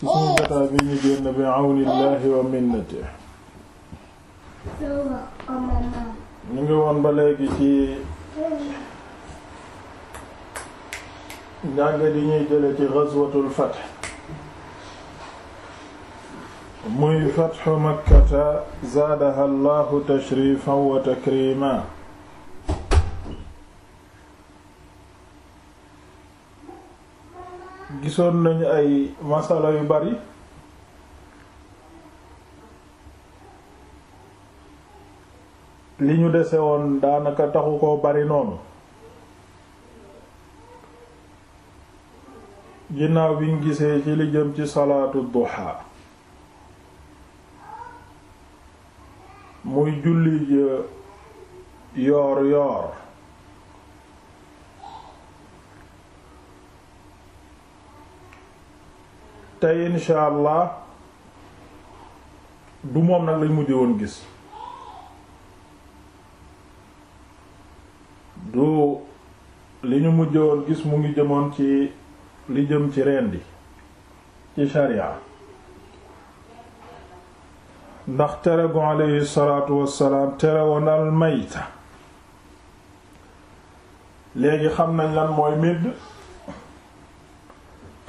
ci suñu jotaay bi ñu génn bi àwnillaahi wa minnati ñu ngi woon ba léegi ci njàng di ñuy jële ci ghazwatul fath muy fathu makkata zaadaha allahu tashrifan wa takriman son nañu ay masala yu bari li ñu dese woon daanaka taxu koo bari noonu ginnaaw bi ñu gisee ci li jëm ci salaatu duha muy julli yoor yoor tey insha allah du moom nag lañ mujj woon gis du li ñu mujj woon gis mu ngi jëmoon ci li jëm ci rendi ci sharia ndax tere gu aleyhi salaatu wassalaam tere woon al mayta léegi xam nañ lan mooy médd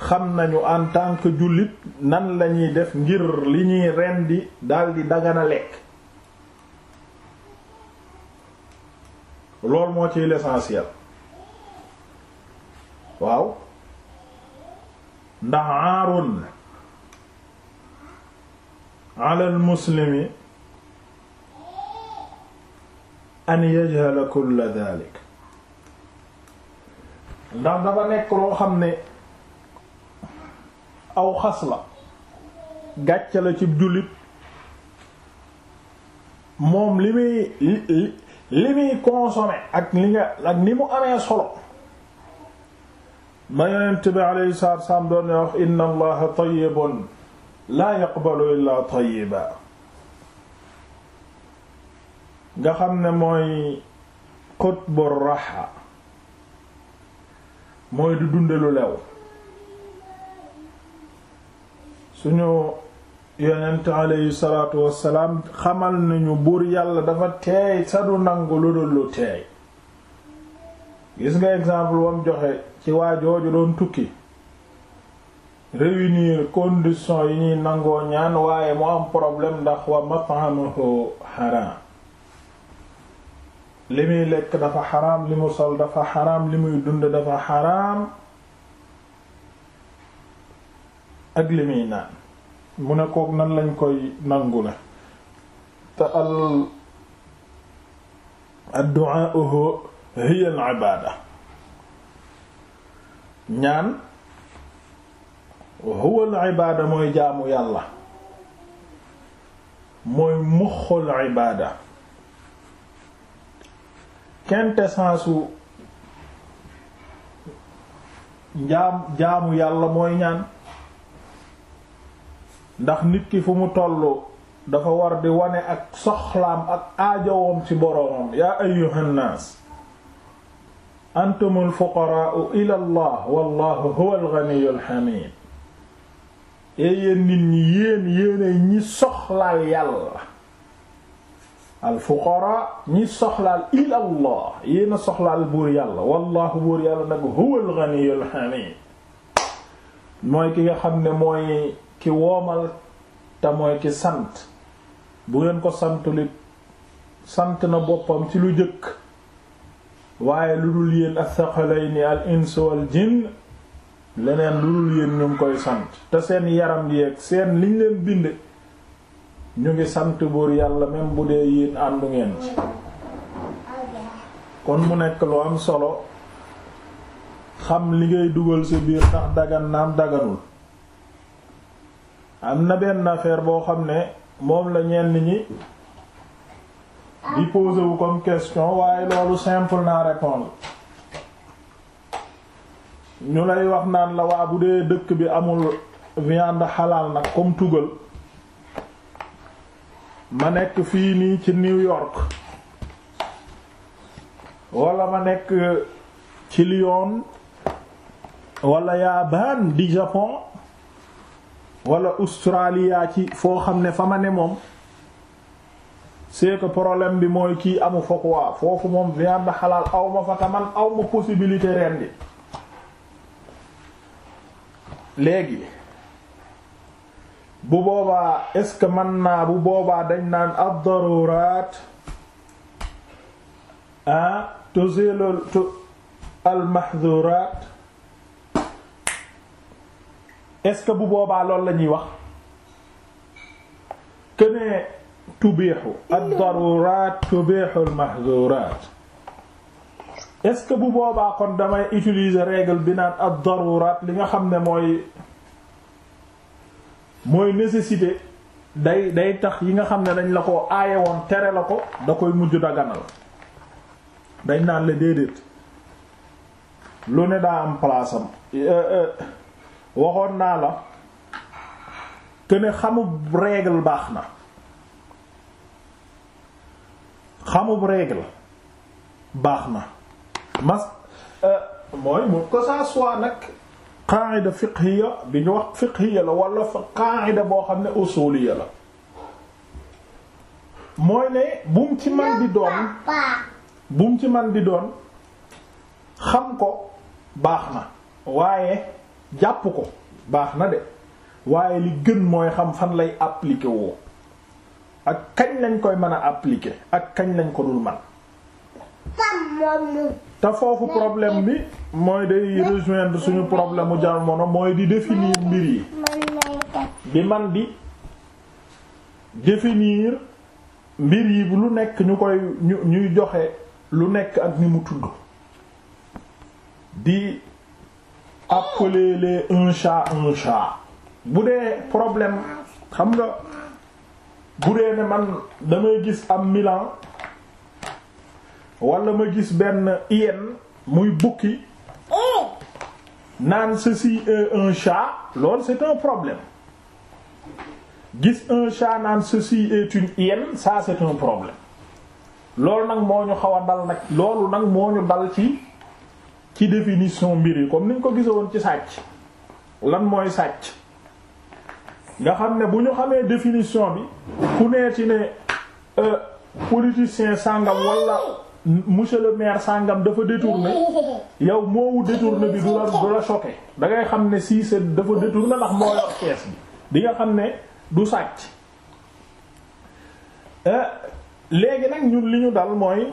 xam nañu en tant que jullit nan lañuy def ngir li ñuy rendi daldi dagana lekk loolu moo ci l'essentiel waaw ndax aarun alal muslimi an yajhala kulla dhalik ndax dafa nekk loo xam ne aw xas la gàcce la ci jullit moom li muy li muy consommé ak li nga ni mu amee solo ma yonent bi alayhi salaatu doon ne wax inna allaha tayyibun laa yaqbalu illaa tayyiba nga xam ne mooy qutbu raxa mooy du dunde lew suñu yonent aleyhi salaatu wassalaam xamal nañu buur yàlla dafa teey sadu nangu lu dul lu teey gis nga exemple wam joxe ci waa jooju doon tukki réunir condition yi ñuy nangoo ñaan waaye mu am problème ndax wa mat'amuhu haram li muy lekk dafa xaraam li mu sol dafa xaraam li muy dund dafa xaraam ak li muy naan mu ne kook nan lañ koy nangule te al addu'a hiya al ibaada ñaan huwa al mooy jaamu yàlla mooy muxul ibaada quintessence u jaam jaamu yàlla mooy ñaan ndax nit ki fu mu toll dafa war di wane ak soxlaam ak aajawoom ci boroomam yaa ayyuhan naas antumul fuqaraa'u ila allah wallahu huwal ghaniyyul hamid yéen nit ñi yéen yéenay ñi soxlaal yàlla al fuqaraa ñi soxlaal ila allah yéen soxlaal buur yàlla wallahu buur yàlla nag huwal ghaniyyul hamid mooy ki nga xam ne mooy ki woomal te mooy ki sant bu ngeen ko santulit sant na boppam ci lu jëkk waaye lu dul yéen as-saqalayni al ins wal jinn leneen lu dul yéen ñu koy sant te seen yaram yeeg seen liñ leen bind ñu ngi sant buur yàlla même bu dee yéen àndu ngeen ci kon mu nekk lu am solo xam li ngay dugal sa biir ndax dagan naam daganul am na benn affaire boo xam ne moom la ñenn ñi di poser wu comme question waaye loolu simple naa répondre ñu lay wax naan la waa bu dee dëkk bi amul viande xalaal nag comme tugal ma nekk fii nii ci New York wala ma nekk ci Lyon wala Yabaan di Japon wala Australia ci foo xam ne fa ma ne moom c'est que problème bi mooy kii amu fa foofu moom viande xalaal aw ma fa taman aw ma possibilité rendi léegi bu boobaa est-ce que man naa bu boobaa dañ naan ad-daruraat ah tuzilu al mahduraat est-ce que bu boobaa loolu la ñuy wax que ne tubiixu ad-daruraat tubiixu al-mahzuuraat est-ce que bu boobaa kon damay utiliser règle bi naan ad-daruraat li nga xam ne mooy mooy nécessité day day tax yi nga xam ne dañ la ko aaye woon tere la ko da koy mujj daganal dañ naan la déedéet lu ne daa am place euh, euh, waxoon naa la que ne xamub règle baax na xamub règle baax na mas euh, mooy mu que ça soit nag qaida fiqhiya bi ñu wax fiqhiya la wala qaida boo xam ne usuliya la mooy ne bum ci man di doon bum ci man di doon xam ko baax na waaye jàpp ko baax na de waaye li gën mooy xam fan lay appliquer woo ak kañ lañ koy mën a applike ak kañ lañ ko dul man te foofu problème bi mooy day rejoindre suñu problème mu jamono mooy di définir mbir yi di man di définir mbir yi lu nekk ñu koy ñu ñuy joxe lu nekk ak ni mu tudd di appeler les un chat un chat bu dee problème xam nga bu dee ne man damay gis am Milan wala ma gis benn hyène muy bukki naan ceci est un chat loolu c'est un problème gis un chat naan ceci est une hyène ça c'est un problème loolu nag moo ñu xaw a dal nag loolu nag moo ñu dal ci ci définition mbir yi comme ni ko gise woon ci sàcc lan mooy sàcc nga xam ne bu ñu xamee définition bi ku nee ci ne euh, politicien sàngam wala monsieur le maire sàngam dafa détourné yow moowu détourné bi du la du la choqué da ngay xam ne si c'est dafa détourné ndax moo yor kees bi di nga xam ne du sàcc euh, léegi nag ñun li ñu dal mooy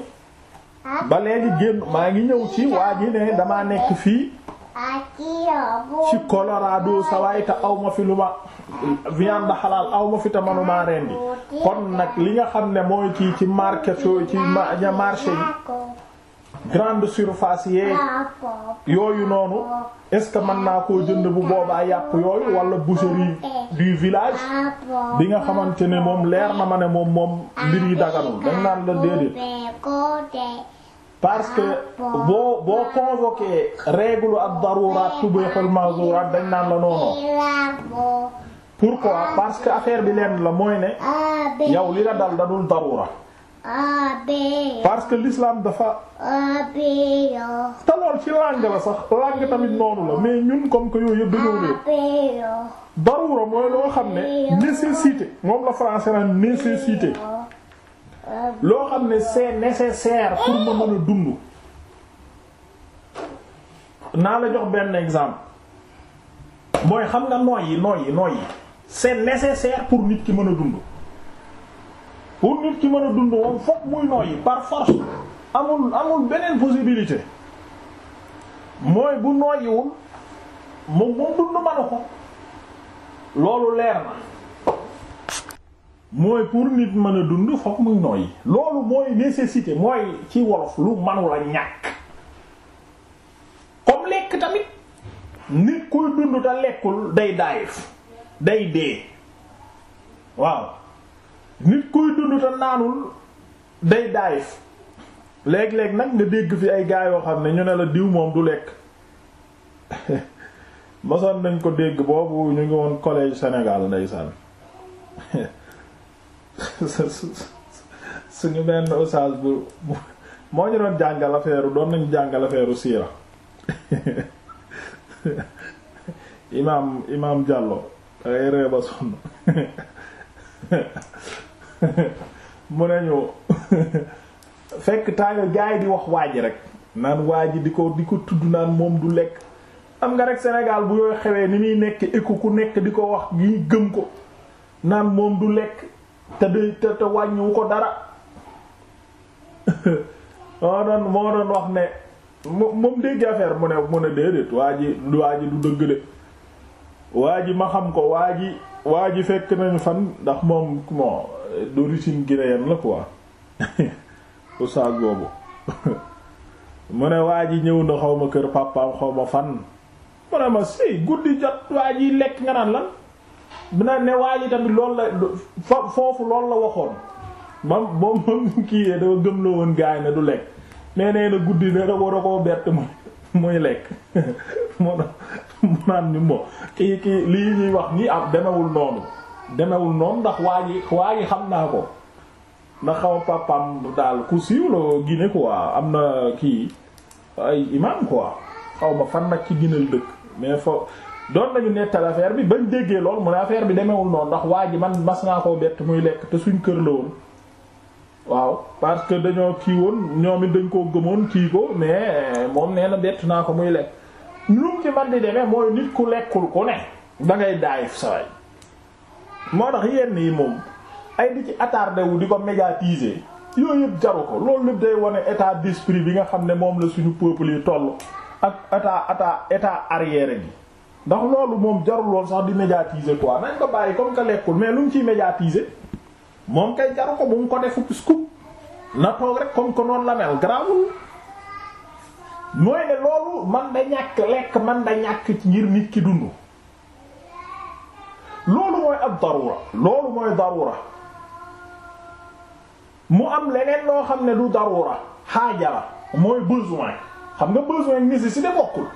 ba léegi génn maa ngi ñëw ci waa ji ne damaa nekk fii ci Colorado sa te aw ma fi lu ma viande xalaal aw fi te manumaa rendi kon nag li nga xam ne mooy ci ci marché ci marché yi grande surface yee ah, yooyu noonu est-ce que mën naa koo jënd bu boobaa yàpp yooyu ah, wala boucherie eh. du village ah, bi nga xamante ne moom leer eh. na ma ne moom moom mbir yi eh, daganul dañ naan la déedéet parce que boo boo convoqué règle ak daruraat tubihul mahzuraat dañ naan la noonu pourquoi parce que affaire bi lenn la mooy ne yow li la dal da dul darura parce que lislaam dafa. te lool ci langue la sax langue tamit noonu la mais ñun comme que yooyu yëpp dañoo réer. darura mooy loo xam ne nécessité moom la français naan nécessité loo xam ne c'est nécessaire pour ma mën naa la jox benn exemple mooy xam nga nooy yi nooy yi nooy yi c'est nécessaire pour nit ki mën a dund. pour nit ki mën a dund moom fokk muy nooyi par force amul amul beneen posibilité mooy bu nooyiwul moom moom dund manu ko loolu leer na mooy pour nit mën a dund fokk muy nooyi loolu mooy nécessité mooy ci wolof lu manula ñàkk comme lekk tamit nit kuy dund te lekkul day daayif day dee waaw nit kuy dund naanul day daayif léeg-léeg nag nga dégg fi ay gaa yoo xam ne ñu ne la diw moom du lekk mosoon nañ ko dégg boobu ñu ngi woon collège Sénégal ndeysaan suñu benn oustaz bu moo ñu doon jàngal affaire doon nañu jàngal affaire siira imaam imaam Diallo dangay ree sonn mu ne ñu fekk taayo gaay di wax waa ji rek naan waa ji di ko di ko tudd naan moom du lekk am nga rek senegaal bu yooy xewee ni muy nekk éku ku nekk di ko wax gi gëm ko naan moom du lekk te de te te wàññiwu ko dara moo doon moo doon wax ne moom dégg affaire mu ne mu ne déedéet waa ji waa ji du dëgg de waa ji ma xam ko waa ji waa ji fekk nañu fan ndax moom moo d'origine guinéenne la quoi oustaz boobu mu ne waa ji ñëw na xaw ma kër papaam xaw ma fan mu ma si guddi jot waa ji lekk nga naan lan dina ne waa ji tamit loolu la foofu loolu la waxoon mam moom du lekk nee nee na guddi ne da war a mu muy lekk mu naan ñu kii kii lii ñuy wax nii am ah, demewul noonu demewul noonu ndax waa ji waa ji xam naa ko ndax xaw papam daal ku siiw la Guinée quoi am na kii ay imam quoi xaw ma fan nag ci ginal dëkk mais fa doon nañu nettal affaire bi bañ déggee lool mu ne affaire bi demewul noonu ndax waa ji man mas naa koo bett muy lekk te suñ kër la woon waaw parce que dañoo kii woon ñoom dañ koo gëmoon kii ko mais moom nee na bett naa ko muy lekk lu mu ci man di demee mooy nit ku lekkul ku ne da ngay daayif moo tax yenn yi moom ay di ci attardé wu di ko médiatiser yooyu yëpp jaru ko loolu lépp day wane état d'esprit bi nga xam ne moom la suñu peuple yi toll ak état état état arrière gi ndax loolu moom jarul woon sax di médiatiser quoi nañ ko bàyyi comme que lekkul mais lu mu ciy médiatiser moom kay jaru ko bu mu ko defu scoop na toog rek comme que noonu la mel garaawul mooy ne loolu man da ñàkk lekk man da ñàkk ngir nit ki dund loolu mooy ab darura loolu mooy darura mu am leneen loo xam ne du darura xaaja la mooy besoin xam nga besoin nécessité bokkul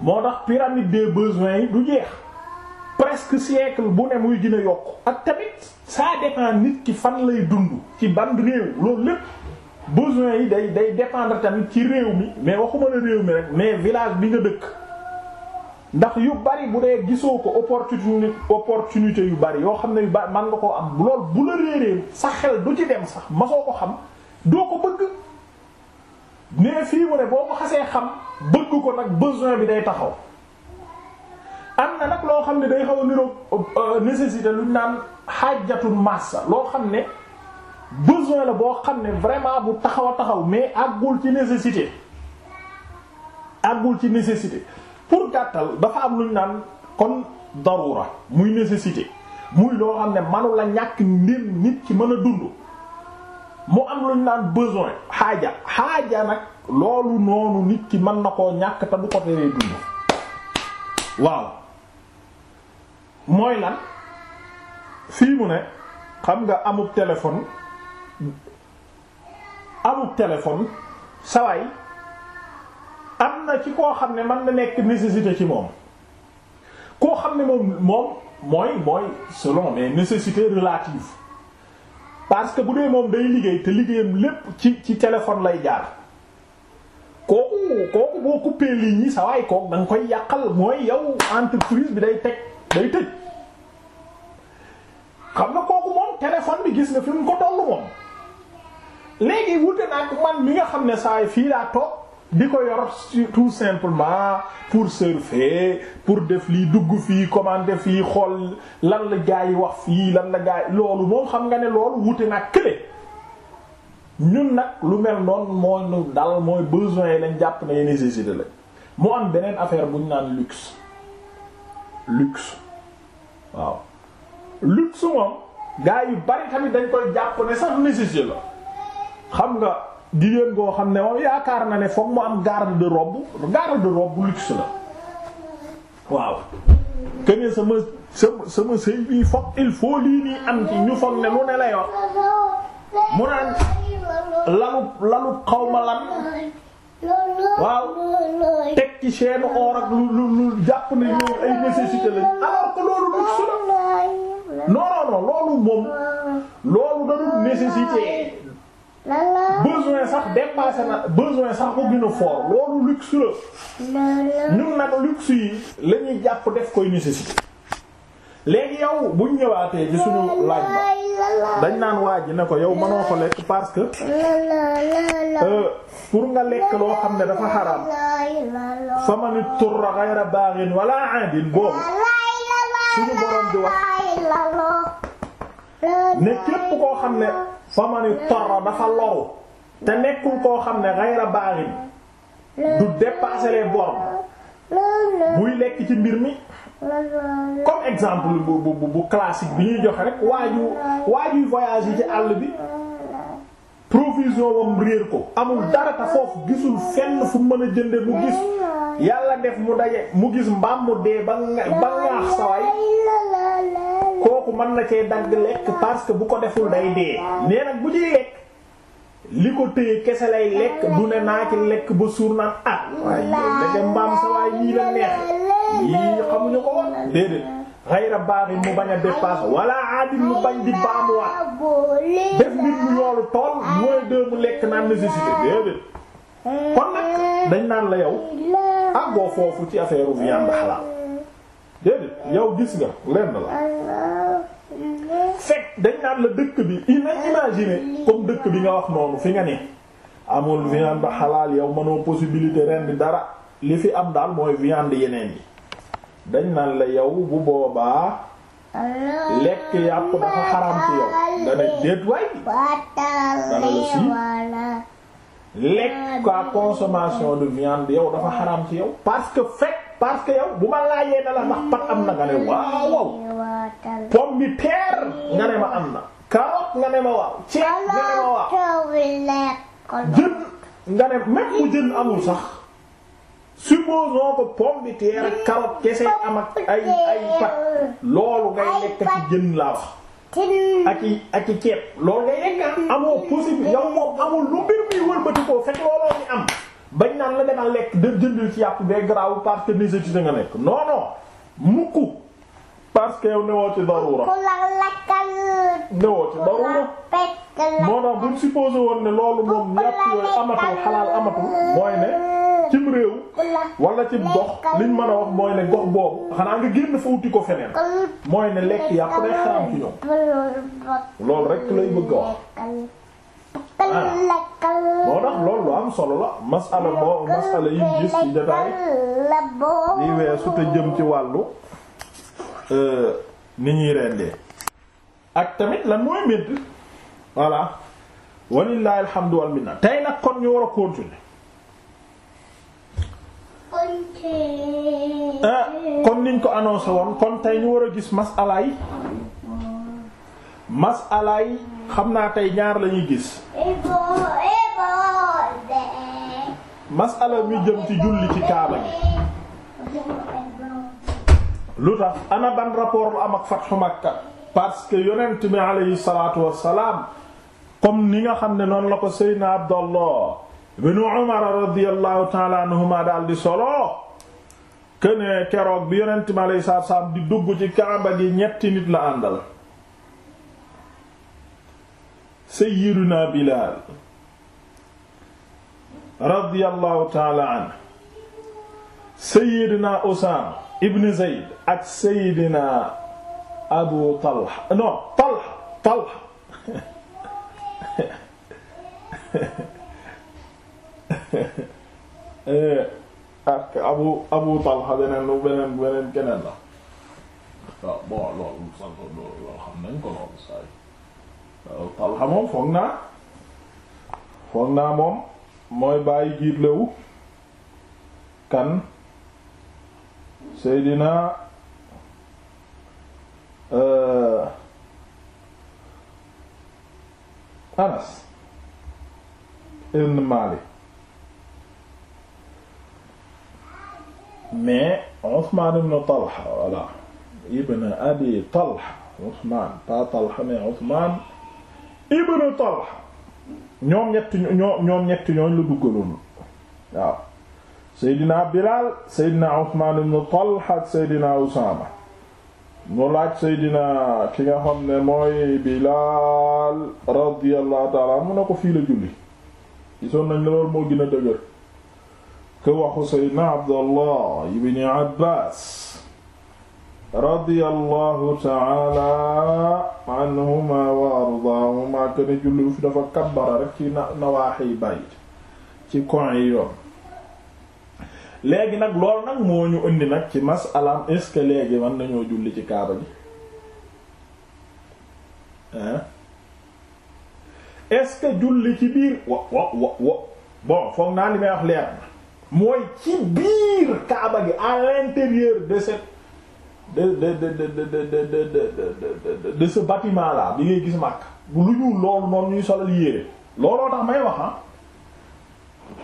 moo tax pyramide des besoins yi du jeex presque siècle bu ne muy gën a yokk ak tamit saa dépend nit ki fan lay dund ci ban réew loolu lépp besoin yi day day dépendre tamit ci réew mi mais waxuma la réew mi rek mais village bi nga dëkk ndax yu bari bu dee gisoo ko opportunité opportunité yu bari yoo xam ne yu bari man nga koo am lool bu la réeree sa xel du ci dem sax ma masoo ko xam doo ko bëgg mais fii mu ne boo ko xasee xam bëgg ko nag besoin bi day taxaw am na nag loo xam ne day xaw a niroog euh, nécessité luñ naan xaajatul massa loo xam ne besoin la boo xam ne vraiment bu taxaw a taxaw mais àggul ci nécessité àggul ci nécessité pour gàttal dafa am lu ñu naan kon darura muy nécessité muy loo xam ne manu ñàkk ndir nit ci mën a dund mu am lu ñu naan besoin xaaja xaaja nag loolu noonu nit ki mën na koo ñàkk te du ko teree dund mooy lan fii mu ne xam nga amub téléphone amub téléphone saway am na ci koo xam ne mën na nekk nécessité ci moom koo xam ne moom moom mooy mooy selon mais nécessité relative parce que bu dee moom day liggéey te liggéeyam lépp ci ci téléphone lay jaar kooku kooku boo coupé ligne yi sa waay kooku koy yàqal mooy yow entreprise bi day teg day tëj xam nga kooku moom téléphone bi gis nga fi mu ko tollu moom léegi wute naa man mi nga xam ne saa fii laa toog. di ko yor tout simplement pour surfer pour def lii dugg fii commander fii xool lan la gaa yi wax fii lan la gaa yi loolu moom xam nga ne loolu wute nag kële ñun nag lu mel noonu moo nu dal mooy besoin yi lañ jàpp ne nécessité la mu am beneen affaire buñ naan luxe luxe waaw luxe moom gaa yu bari tamit dañ koy jàpp ne sax nécessité la xam nga. jigéen goo xam ne moom yaakaar na ne fokk mu am garde de robe garde de robe luxe la waaw kenn sama sama sama sëy bii fokk il faut lii nii am ci ñu foog ne lu ne la yor mu naan lalu lalu xaw ma lan waaw teg ci chaîne or ak lu lu lu jàpp ne ñoom ay nécessité lañ alors que loolu luxe la non non non loolu moom loolu da doon nécessité. besoin sax dépassé na besoin sax ko gën a fort loolu luxe la nag luxe yi la jàpp def koy nécessité léegi yow buñ ñëwaatee ci suñu laaj ba dañ naan waaj ne ko yow mënoo ko lekk parce que euh, pour nga lekk loo xam ne dafa xaraam fa ma ni turra ghayra baghin wala aadin boobu suñu borom di ne képp koo xam ne fa ma ni toro dafa loru te nekkul koo xam ne xayra baaxin du dépasser les bornes buy lekk ci mbir mi comme exemple bu bu bu classique bi ñuy joxe rek waaju waajuy voyage yi ci àll bi provision wam réer ko amul dara te foofu gisul fenn fu mën a jënde mu gis yàlla def mu daje mu gis mbaam mu dee ba nga ba ngaax saway kooku na cee dagg lekk parce que bu ko deful day dee nee nag bu ciy lekk li ko téye kese lay lekk du ne naa ci lekk ba suur naan ah waaye ndeke mbaam sa yii la neex yii xamuñu ko woon déedéet xayra baax mu bañ a dépassé walla aadil mu bañ di baamuwaat def mbir mu yoolu tool mooy dee lekk naan nécessité déedéet kon nag dañ naan la yow àggoo ah, foofu ci affaire viande halal déedéet yow gis nga lenn la fekk dañ naan la dëkk bi ina ah, imaginer comme dëkk bi nga wax noonu fi nga ne amul viande xalaal yow mënoo possibilité ren di dara li fi am daal mooy viande yeneen yi dañ naan la yow bu boobaa lekk yàpp dafa xaram ci yow dana déet waay dana lekk ka consommation de viande yow dafa xaram ci yow parce que fekk parce que yow bu ma laajee na la ndax pat am na nga ne waaw waaw bi peer nga ne ma am na carotte nga ne ma waaw ceeb nga ne ma waaw jën nga ne même bu jën amul sax supposons que pomme bi teer ak kese am ak ay ay pat loolu ngay lekk ci jën laa wax ak i ak i ceeb loolu ngay lekk ah. amoo possible yow moom amul lu mbir muy wëlbati ko fekk looloo mi am bañ naan la demal lekk da jëndil ci yàpp bee garaawu parce que nécessité nga nekk non non mukk parce que yow newoo ci darura newoo ci darura moo tax woon ne loolu moom yàpp yooyu amatul xalaal amatul mooy ne cim réew wala ci gox liñ mën a wax mooy ne gox boobu xanaa nga génn fa wuti ko feneen mooy ne lekk yàpp day xaraam ci ñoom loolu rek lay bëgg wax moo tax loolu am solo la masala boo masala yi gis ci jotaay yi weesu te jëm ci wàllu euh, ni ñuy rendee ak tamit lan mooy médd voilà walillahi alhamdu wal minna tey nag kon ñu wara a continuer ah, comme niñ ko annoncé woon kon tey ñu war a gis masala masala yi xam naa tey ñaar la ñuy gis masala mi jëm ci julli ci kaaba gi lu tax ana ban rapport lu am ak fatxu makka parce que yonent bi aleyhi salaatu wassalaam comme ni nga xam ne noonu la ko seydna abdallah ibnu umar radiyallahu taala anhuma di solo que keroog bi yonent bi aleyhi salaatu wassalaam di dugg ci kaaba gi ñetti nit la àndal sayyiduna Bilaal radiyallahu taala an sayyidina Usaama ibn Zayd ak sayyidina Abu Talha non Talha Talha eh, ak Abu Abu Talha beneen lu beneen beneen keneen la waaw ah, bon loolu xam nañ ko loolu Talha moom foog naa foog naa moom mooy bàyyi jiitlewu kan Seydina euh, Anas ibn Malik mais Ousmane ibn Talha voilà ibn Abi Talha Ousmane pas Talha mais Ousmane ibnu Talha ñoom ñett ñoom ñoom ñett ñooñ la duggaloon Bilaal Seydina Usmaan ibnu Talha Seydina Usaama mu laaj Seydina ki nga xam ne mooy Bilaal radiyallahu taala mu ne ko fii la julli gisoon nañ la loolu moo gën a dëgër ke waxu Seydina Abdallah ibni Abbaas radiyallahu taala anhuma wa ardaahuma kene julli bu fi dafa kabbara rek ci na nawaaxiy bayit ci coin yi yoon léegi nag loolu nag moo ñu indi nag ci masalaam est léegi mën nañoo julli ci kaaba gi hein est julli ci biir wa wa wa wa bon foog naa li may wax leer na mooy ci biir kaaba gi à l'intérieur de cette de de de de de de de ce bâtiment là bi ngay gis màkk bu lu ñuul loolu moom ñuy solal yére looloo tax may wax ah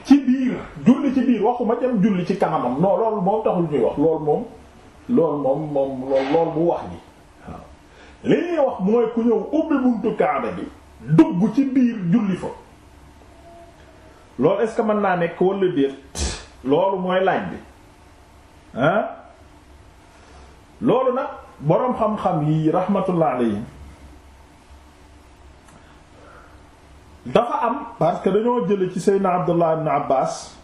ci biir julli ci biir waxuma jëm julli ci kanamam non loolu moom taxul ñuy wax loolu moom loolu moom moom loolu loolu wax ji waaw li wax mooy ku ñëw ubbi buntu kaaba bi dugg ci biir julli fa loolu est-ce que mën naa nekk wala déet loolu mooy laaj bi ah loolu nag boroom xam-xam yi rahmatullah alayhi dafa am parce que dañoo jële ci seydna abdullah ibn abbas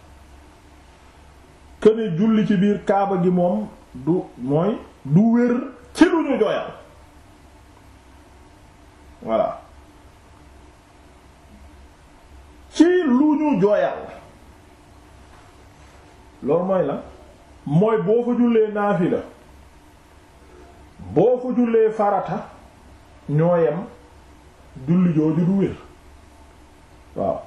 këne julli ci biir kaaba gi moom du mooy du wér ci lu ñu jooyal voilà ci lu ñu jooyal loolu mooy la mooy boo fa jullee naafila boo ko jullee farata ñoo yem julli du wér waaw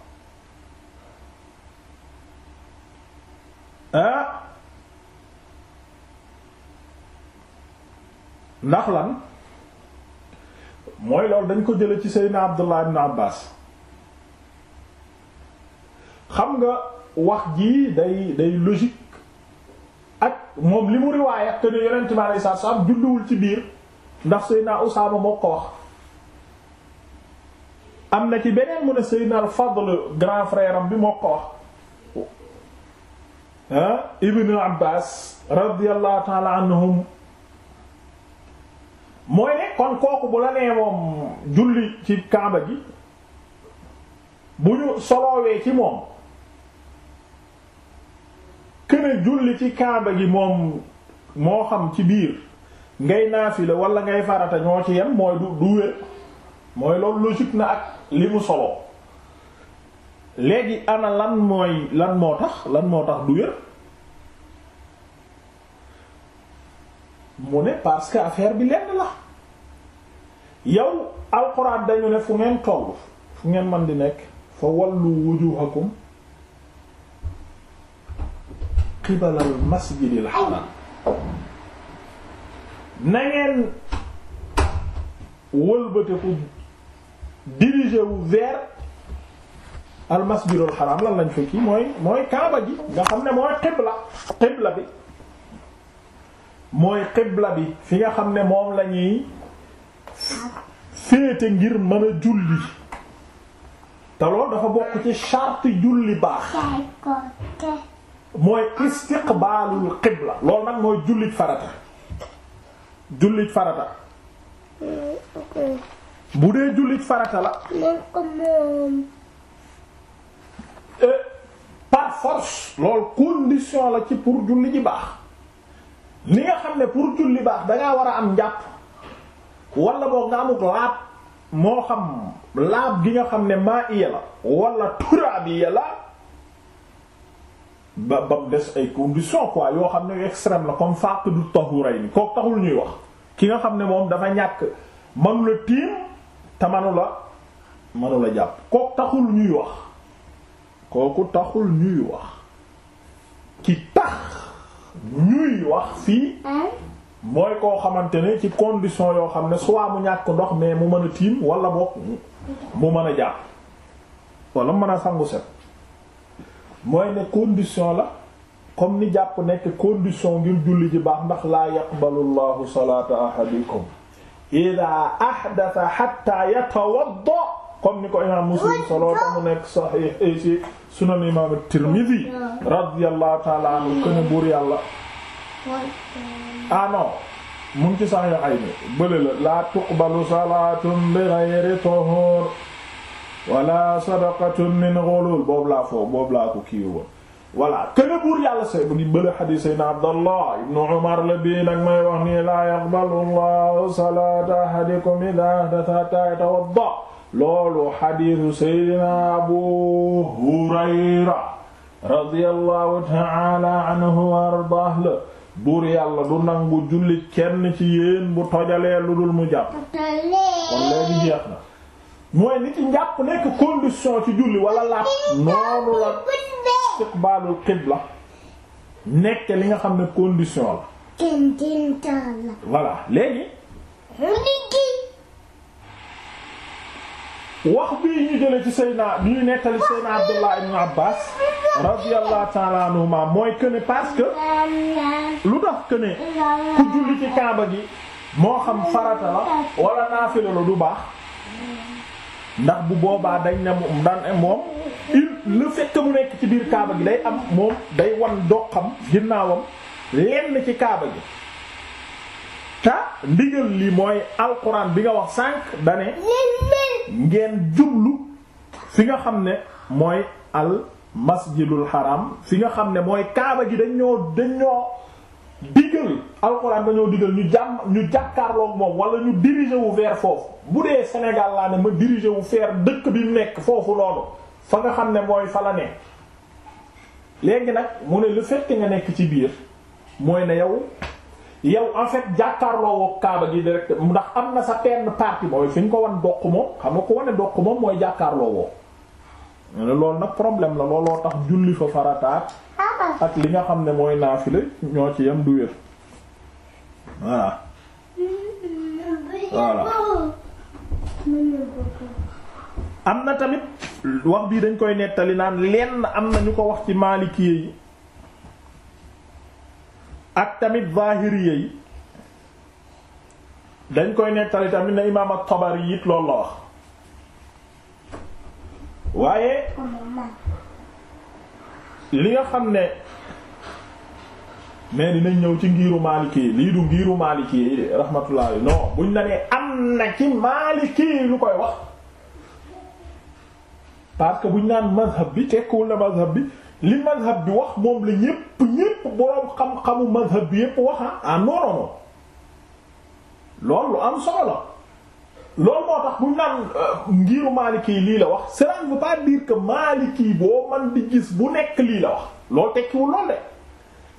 ah. ndax lan mooy loolu dañ ko jële ci Seydina Abdullah ibn Abbas xam nga wax jii day day logique moom li mu riwaaya te ne yonent bi alayhi salaatu salaam julliwul ci biir ndax Seydina Usaama moo ko wax am na ci beneen mu ne Seydina al-Fadl grand frère am bi moo ko wax ah Ibnu Abbaas radiyallahu ta'ala anhum mooy ne kon kooku bu la nee moom julli ci kaaba ji bu ñu soloowee ci moom këne julli ci kaaba gi moom moo xam ci biir ngay naafile walla ngay farata ñoo ci yem mooy du du wér mooy loolu logique na ak li mu solo léegi ana lan mooy lan moo tax lan moo tax du wér mu ne parce que affaire bi lenn la yow alxuraan dañu ne fu ngeen tollu fu ngeen mën di nekk fa wallu wujuhakum qibala al masjidil haram na ngeen wëlbateku dirigé wu vers al masjidul haram lan lañ fekki mooy mooy kaaba ji nga xam ne mooy qibla qibla bi mooy qibla bi fi nga xam ne moom la ñuy féete ngir mën a julli te loolu dafa bokk ci charte julli baax mooy istiqbaalul qibla loolu nag mooy jullit farata jullit farata bu dee jullit farata la eh, par force loolu condition la ci pour julli ji baax li nga xam ne pour julli baax dangaa war a am njàpp wala boo nga amuk laab moo xam laab gi nga xam ne maa iya la wala turaabiya la ba ba mu des ay conditions quoi yoo xam ne extrême la comme fàq du tahuray ni kooku taxul ñuy wax ki nga xam ne moom dafa ñàkk manu la tiim te manu la manu la jàpp kooku taxul ñuy wax kooku taxul ñuy wax ki tax ñuy wax fii mooy koo xamante ne ci condition yoo xam ne soit mu ñàkk ndox mais mu mën a tiim wala boog mu mën a jàpp wala mën a sangu set mooy ne condition la comme ni jàpp nekk condition ngir julli ji baax ndax la yaqbalu llahu salaata ahadikum ida ahdatha hatta yatawadda comme ni ko imaam muslim solo ta mu nekk sahih eh, ci ah non mu ci sahih ay ni bële la laa tuqbalu salaatun bi ghayri tuhur wala sadaqatun min ghulul boobu laa foofu boobu laa ko kii woon voilà kene buur yàlla say bu di bële xadiis saydna abdallah ibnu umar la bii nag may wax nii laa yaqbalu llahu salaata ahadikum idaa ahdatha yatawadda loolu xadiisu saydna abu hurayra radiyallahu ta'ala anhu wa ardaah la buur yàlla du nangu julli kenn ci yéen bu tojalee lu dul mu jàpp kon léegi jeex na mooy nit ci njàpp nekk condition ci julli wala laat noonu la istiqbaalul qibla nekk li nga xam ne condition la voilà léegi wax bii ñu jële ci Seydina bi ñu nettali Seydina Abdullah ibn Abbas radiyallahu ta'ala mooy que ne lu tax que ku julli ci Kaaba gi moo xam farata la wala naafila du baax ndax bu boobaa dañ ne moom daan moom il le fait mu nekk ci biir kaaba gi day am moom day wan doxam ginnaawam lenn ci kaaba gi te ndigal li mooy alquran bi nga wax sànq dane ngeen jublu fi nga xam ne mooy al masjidul haram fi nga xam ne mooy kaaba gi dañ ñoo dañ ñoo digal alxuraan dañoo digal ñu jàmm ñu jàkkaarloog moom wala ñu diriger wu vers foofu bu dee Sénégal laa ne ma diriger wu vers dëkk bi nekk foofu loolu fa nga xam ne mooy fa la ne léegi nag mu ne le fait que nga nekk ci biir mooy ne yow yow en fait jàkkaarloo woo Kaaba gi direct ndax am na sa benn partie mooy fi ñu ko wan doq moom xam nga ko wane doq moom mooy jàkkaarloo woo. ne loolu nag problème la looloo tax julli fa farataat ak li nga xam ne mooy naafile ñoo ci yem du wér voilà am na tamit wax bii dañ koy nettali naan lenn am na ñu ko wax ci maalikiyé yi ak tamit zahiriyé yi dañ koy nettali tamit na imaam at-Tabari it la wax waaye li nga xam ne mais dinañ ñëw ci ngiiru Maliki yi lii du ngiiru Maliki yi buñ la nee am na ci Maliki lu koy wax parce que buñ naan mazhab bi tekkiwul na mazhab bi li mazhab bi wax moom la ñépp ñépp boroom xam-xamu mazhab bi yépp wax ah, ah non loolu lu am solo la loolu moo tax buñ naan euh, ngiru Maliki yi lii la wax cela ne veut pas dire que Maliki boo man di gis bu nekk lii la wax loolu tekkiwul lool de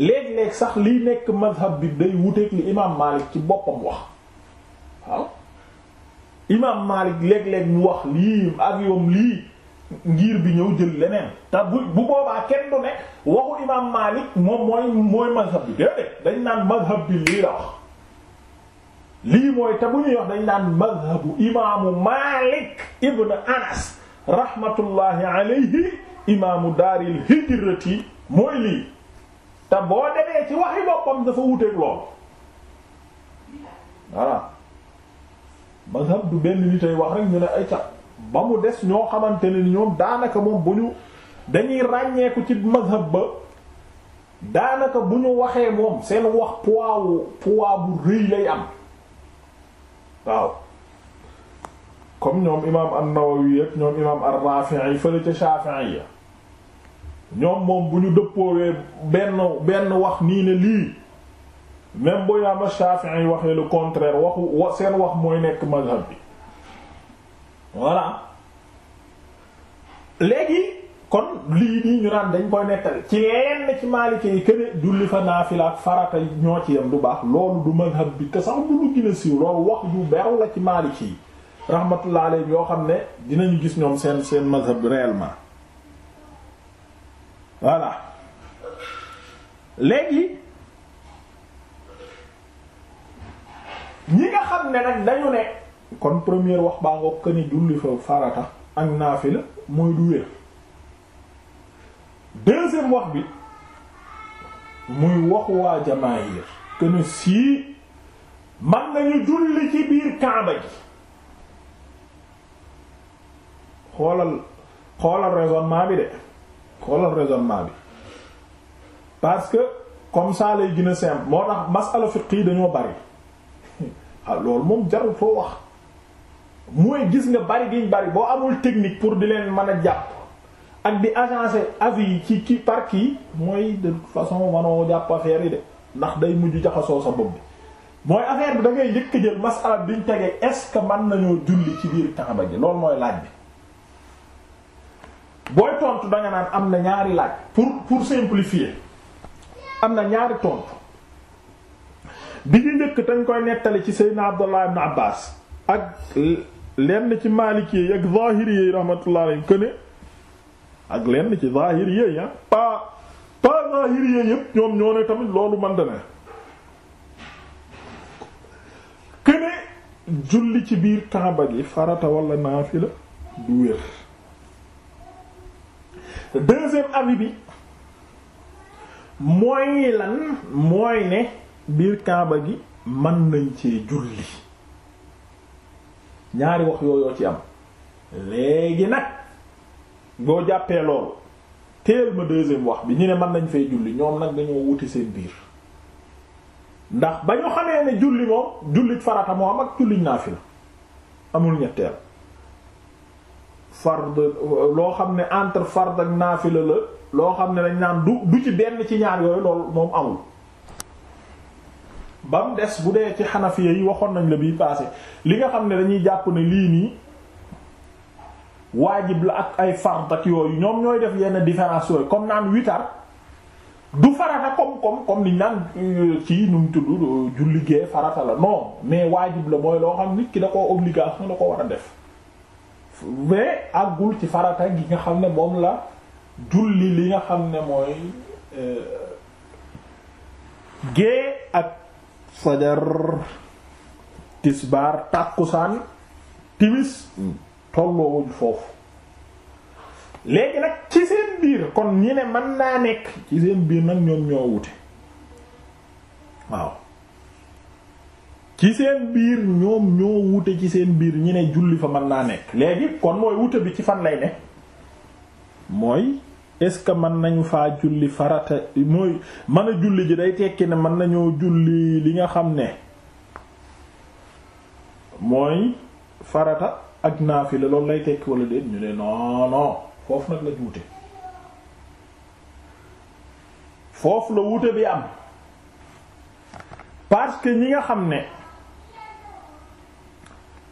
léeg-léeg sax liy nekk mazhab bi day wuteeg li imaam Malik ci boppam wax waaw imaam Malik léeg-léeg mu wax lii ak yoom lii ngir bi ñëw jël leneen te bu bu boobaa kenn du ne waxu imaam Malik moom mooy mooy mazhab bi déedéet dañ naan mazhab bi lii la wax lii mooy te bu ñuy wax dañ naan madhabu imaamu Malik ibn Anas rahmatullahi alayhi imaamu daaril hijrati mooy lii te boo demee ci waxi boppam dafa wuteeg lool voilà mazhab du benn nit ay wax rek ñu ne ay ca ba mu des ñoo xamante ne ni ñoom daanaka moom bu ñu dañuy ràññeeku ci mazhab ba daanaka bu ñu waxee moom seen wax poids rëy lay am waaw comme ñoom imaam an-Nawawi ak ñoom imaam ar-Rafi'i fële ca Shafi'iyya ñoom moom bu ñu dëppoowee benn benn wax nii ne lii même bu imaam Shafi'i waxee le contraire waxu seen wax mooy nekk mazhab bi voilà léegi kon lii nii ñu naan dañ koy nettali ci lenn ci Maliki yi kenn julli fa naafila ak farata ñoo ci yem du baax loolu du mazhab bi te bu lu gën siiw loolu wax ju beru la ci Maliki yi rahmatullah yoo xam ne dinañu gis ñoom seen seen mazhab réellement voilà léegi ñi nga xam ne nag dañu ne kon première wax baa nga ko julli fa farata ak naafila mooy du deuxième wax bi muy wax waa jamaahir këne sii man nañu julli ci biir kaaba ji xoolal xoolal raisonnement bi de xoolal raisonnement bi parce que comme ça lay gën a simple moo tax masala fiqh yi dañoo bari ah loolu moom jarul foo wax mooy gis nga bari giñ bari boo amul technique pour di leen mën a jàpp ak di agencer avis yi ci kii par kii mooy de toute façon manoo jàpp affaire yi de ndax day mujj jaxasoo sa bopp bi mooy affaire bi da jëkk njëkk jël masala bi tegee est-ce que mën nañoo julli ci biir Kaaba ji loolu mooy laaj bi booy tontu danga naan am na ñaari laaj pour pour simplifier am na ñaari tontu bi ñu njëkk dañ koy nettali ci Seydina Abdullah ibn Abbas ak lenn ci Maliki yi ak Zahiri yi rahmatullah alayhi ak lenn ci zahir yéey ah pas pas zahir yéey yëpp ñoom ñoo ne tamit loolu man da ne këne julli ci biir Kaaba gi farata wala naafila du wér deuxième avis bi mooy lan mooy ne biir Kaaba gi man nañ cee julli ñaari wax yooyoo ci am léegi nag boo jàppee loolu teel ma deuxième wax bi ñu ne man nañ fay julli ñoom nag dañoo wuti seen biir ndax ba ñu xamee ne julli moom jullit farata moo am ak jullit naafila amul ñetteel fard loo xam ne entre fard ak naafila la loo xam ne dañ naan du du ci benn ci ñaar yooyu loolu moom amul ba mu des bu dee ci xanafiya yi waxoon nañ la bii passé li nga xam ne dañuy jàpp ne lii nii waajib la ak ay fard ak yooyu ñoom ñooy def yenn différence yooyu comme naan witar du farata comme comme comme niñ naan ci euh, nu mu tudd euh, julli gee farata la non mais waajib la mooy loo xam nit ki da koo obligation da ko war a def mais àggul ci farata gi nga xam ne moom la julli li nga xam ne mooy euh, gée ak fajar tisbaar tàkkusaan timis hmm. tolloowuñ foofu léegi nag ci seen biir kon ñi ne mën naa nekk ci seen biir nag ñoom ñoo wute waaw ci seen biir ñoom ñoo wute ci seen biir ñi ne julli fa man naa nekk léegi kon mooy wute bi ci fan lay ne mooy est-ce que mën nañu faa julli farata mooy mën a julli ji day tekki ne mën nañoo julli li nga xam ne mooy farata ak naafila loolu lay tekki wala déet ñu ne non non foofu nag la juute foofu la wute bi am parce que ñi nga xam ne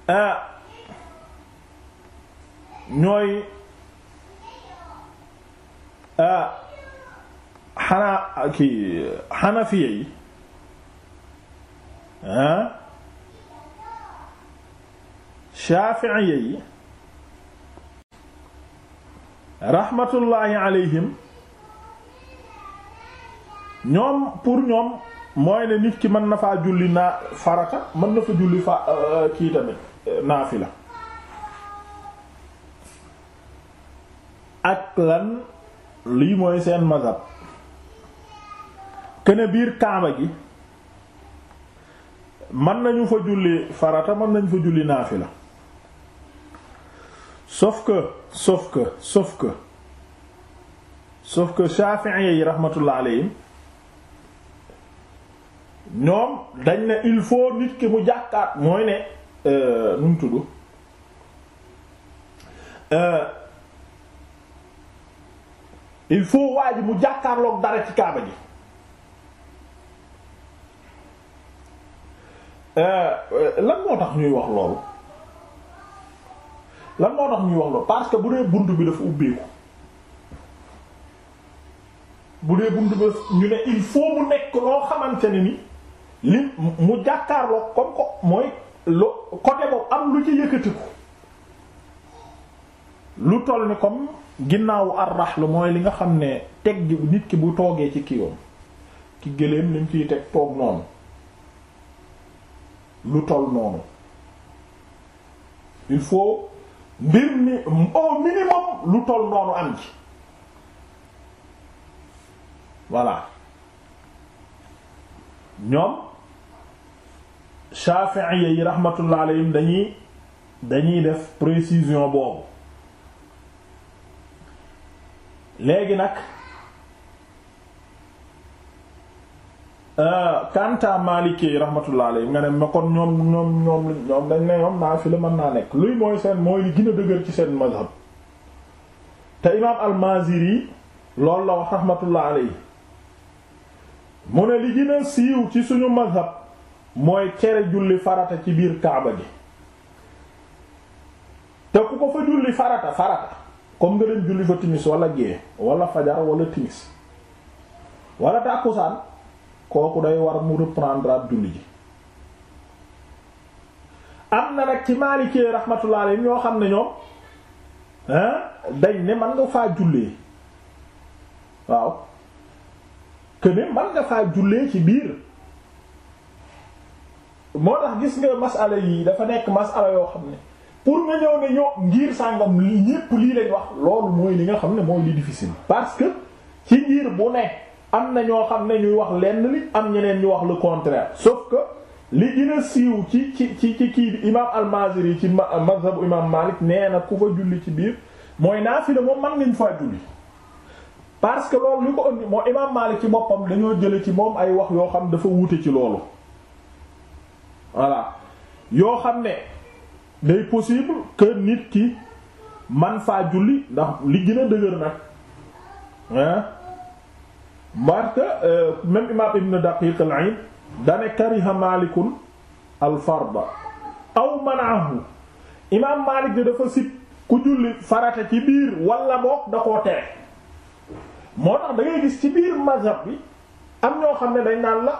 ah ñooy ah euh, xanaa kii xanafiya yi ah Shafi'iyya yi rahmatullahi alayhim ñoom pour ñoom mooy ne nit ki mën na faa julli naa farata mën na fa julli fa euh, kii tamit euh, naafila ak lan lii mooy seen mazhab kene biir kaaba gi mën nañu fa julli farata mën nañu fa julli naafila sauf que sauf que sauf que sauf que yi rahmatullah alayhim ñoom dañ ne il faut nit ki mu jàkkaat mooy ne euh, nu mu tudd euh, il faut waa ji mu jàkkaarloog dara ci kaaba ji euh, lan moo tax ñuy wax loolu lan moo tax ñuy wax loolu parce que bu dee bunt bi dafa ubbeeku bu dee bunt ba ñu ne il faut mu nekk loo xamante ne ni li mu jàkkaarloo comme ko mooy lo côté boobu am lu ci yëkkatiku lu toll ni comme ginnaawu arraxlu mooy li nga xam ne teg nit ki bu toogee ci kiiwam ki gëléem li mu ciy teg toog noonu lu toll noonu il faut mbir mi au minimum lu toll noonu am ci voilà ñoom Shafi'i yi rahmatullah alayhim dañuy dañuy def précision boobu léegi nag kanta euh, Maliki yi rahmatullah alayhi nga ne ma kon ñoom ñoom ñoom ñoom ne ñoom naa fi la mën naa nekk luy mooy seen mooy li gën a dëgër ci seen mazhab te imaam al-Maziri loolu la wax rahmatullah alayhi mu ne li gën a siiw ci suñu mazhab mooy cere julli farata ci biir kaaba ji te ku ko fa julli farata farata comme nga dem julli fa timis wala gée wala fajar wala timis wala tàkkusaan kooku day war mu reprendre ab julli ji am na nag ci maalikee rahmatullah alayhi ñoo xam ne ñoom dañ ne man nga faa jullee waaw que ne man nga faa jullee ci biir moo tax gis nga masala yi dafa nekk masala yoo xam ne pour nga ñëw ne ñoo ngir sàngam li ñépp lii lañ wax loolu mooy li nga xam ne mooy li difficile parce que ci ngir bu ne am na ñoo xam ne ñuy wax lenn li am ñeneen ñu wax le contraire sauf que li gën a siiw ci ci ci ci kii bi imaam al-Maziri ci mazhabu imaam Malik nee na ku fa julli ci biir mooy naafila moom man nañ faa julli parce que loolu li ko ëndi moo imaam Malik ci boppam dañoo jële ci moom ay wax yoo xam dafa wuute ci loolu voilà yoo xam ne day possible kër nit ki man faa julli ndax li gën a dëgër nag ah marque euh, même imam ibn daqiq al-aid dane kariha malikun al farda aw manaahu imam malik de dafa sib ku julli farata ci biir wala boog da koo tere moo tax da gis ci biir mazhab bi am ñoo xam ne dañ naan la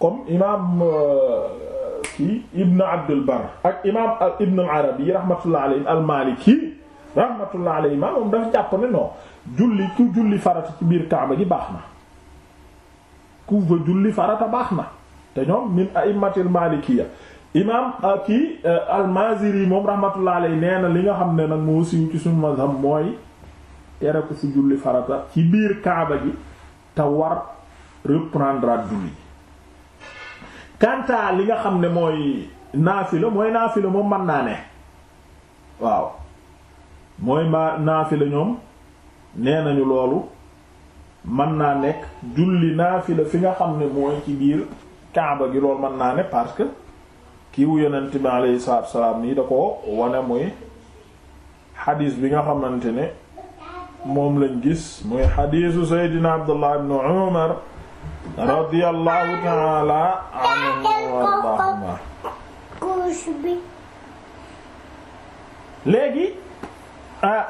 comme imam euh, kii ibn abdul bar ak imam ibn al arabi rahmatullah alayhi al maliki rahmatullah alayhi moom dafa jàpp ne non julli ku julli farata ci biir kaaba gi baax na ku fa julli farata baax na te ñoom min a'immatil malikiyya imaam ah, kii eh, al-Maziri moom rahmatullah alayhi nee na li nga xam ne nag moo siiw ci suñu mazhab mooy tere ko fi julli farata ci biir kaaba gi te war reprendre at julli kanta li nga xam ne mooy naafila mooy naafila moom mën naa ne waaw mooy ma naafila ñoom nee nañu loolu mën naa nekk julli naafila fi nga xam ne mooy ci biir kaaba gi loolu mën naa ne parce que kii wu yonent bi alayhi salaatu salaam nii da ko wane muy xadiis bi nga xamante ne moom lañ gis muy xadiisu Seydina Abdullah ibn Umar radiyallahu ta'ala anhu wa ardaahuma léegi ah,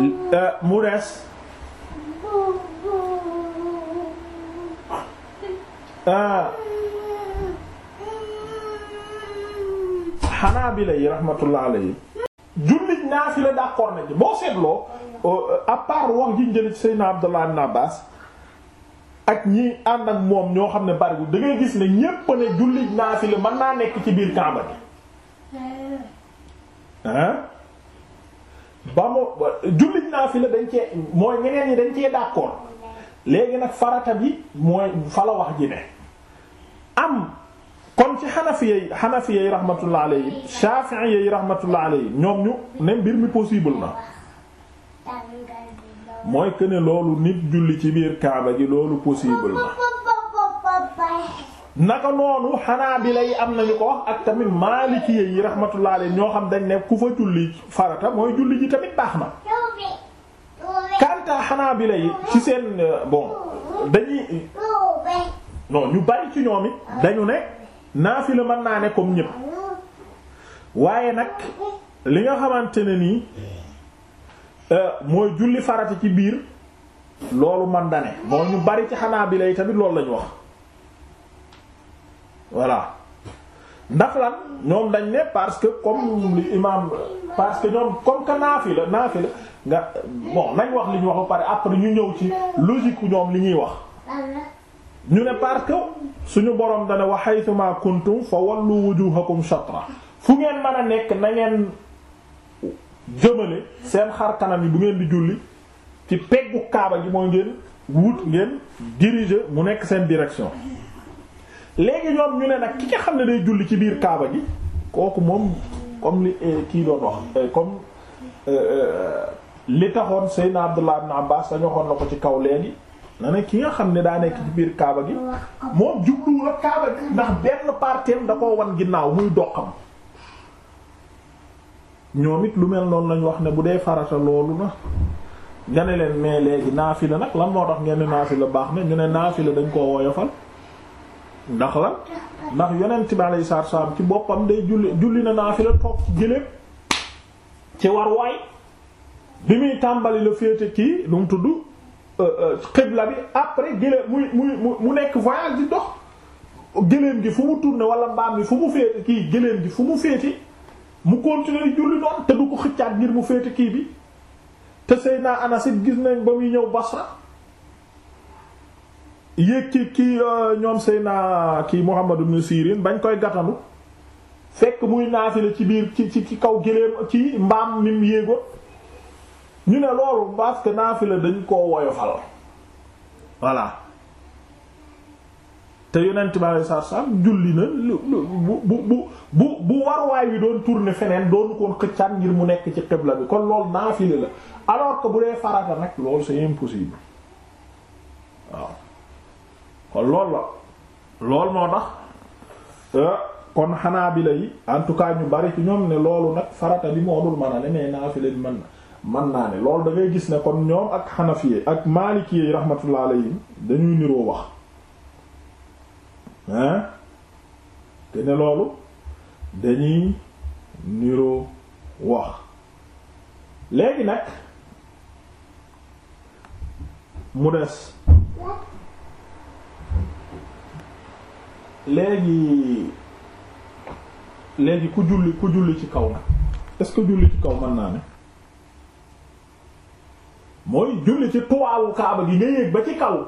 E, mu des Hanabila yi rahmatullah alayhi jullit naafila d'accord nañ boo seetloo euh, à part wax ji njëlit Seydina Abdullah ibn Abbas ak ñi ànd ak moom ñoo xam ne bariwul da ngay gis ne ñépp ne jullit naafila mën naa nekk ci biir Kaaba bi hein ba mu jullit naafila dañ cee mooy ñeneen ñi dañ cee d'accord léegi nag farata bi mooy fa wax ji ne am kon ci xanafiya yi xanafiya yi rahmatullah alayhi shafi'iyya yi rahmatullah alayhi ñoom ñu ne mbir mi possible na mooy que ne loolu nit julli ci biir kaaba gi loolu possible na naka noonu xanaabila yi am nañu ko ak tamit maaliki yi rahmatullah alayhi ñoo xam dañ ne ku fa julli farata mooy julli ji tamit baax na. kanta xanaabila yi ci seen euh, bon dañuy non ñu bari ci ñoom it dañu ne naafila mën naa ne comme ñépp waaye nag li nga xamante ne nii euh, mooy julli farata ci biir loolu man da ne ñu bari ci xanaabila yi tamit loolu lañu wax. voilà ndax lan ñoom dañ ne parce que comme li parce que ñoom comme que naafi la naafi la nga bon nañ wax li ñu wax ba pare après ñu ñëw ci logique ñoom li ñuy wax ñu ne parce que suñu borom dana wax haythuma kuntum fa wallu wujuhakum shatra fu ngeen man a nekk na ngeen jëmale seen xar kanam yi bu ngeen di julli ci peggu kaaba gi moo ngeen wut ngeen diriger mu nekk seen direction léegi ñoom ñu ne nag ki nga xam ne day julli ci biir kaaba gi kooku moom comme li eh, kii doon wax eh, comme eh, li taxoon Seydina Abdullah ibn Abbas dañu waxoon na ko ci kaw léegi na ne ki nga xam ne daa nekk ci biir kaaba gi moom jubluwul ak kaaba gi ndax benn parteem da koo wan ginnaaw muy doxam ñoom it lu mel noonu lañu wax ne bu dee farata loolu na nga leen mais léegi naafila nag lan moo tax ngeen ne naafila baax na ñu ne naafila dañ koo woyofal ndax la ndax yonent bi alayhi salaatu salaam ci boppam day julli julli na naafila toog jëlee ci war waay bi muy tàmbali la féete kii lu mu tudd euh, euh, xibla bi après gëléem muy mu nekk voyage di dox gëléem gi fu mu tourné wala mbaam bi fu mu féete kii gëléem gi fu mu féete mu continuer julli noonu te du ko xëccaat ngir mu féete kii bi te Seydina Anas it gis nañ ba muy ñëw Basra yéeg ci ki euh, ñoom Seyna ki Muhammad ibn Sirin bañ koy gàttandu fekk muy naafile ci biir ci ci kaw géléem ci mbaam mim yéegoon ñu ne loolu parce que naafile dañ koo woyofal voilà te yonent bi alei satu salaam julli na lu bu bu bu bu warwaay wi doon tourner feneen doonu koon xëccaan ngir mu nekk ci xibla bi kon loolu naafile la alors que bu dee farata nag loolu c'est impossible waaw kon la loolu moo tax euh, kon xanaa bi lay en tout cas ñu bari ci ñoom ne loolu nag farata bi moo dul mën a ne mais naafile bi mën na mën naa ne loolu da gis ne kon ñoom ak xanafiye ak maaliki yi rahmatullah dañuy niroo wax hein te ne loolu dañuy niroo wax léegi nag mu des léegi léegi ku julli ku julli ci kaw nag est-ce que julli ci kaw mën naa ne mooy julli ci tuwaawu kaaba gi nga yéeg ba ci kaw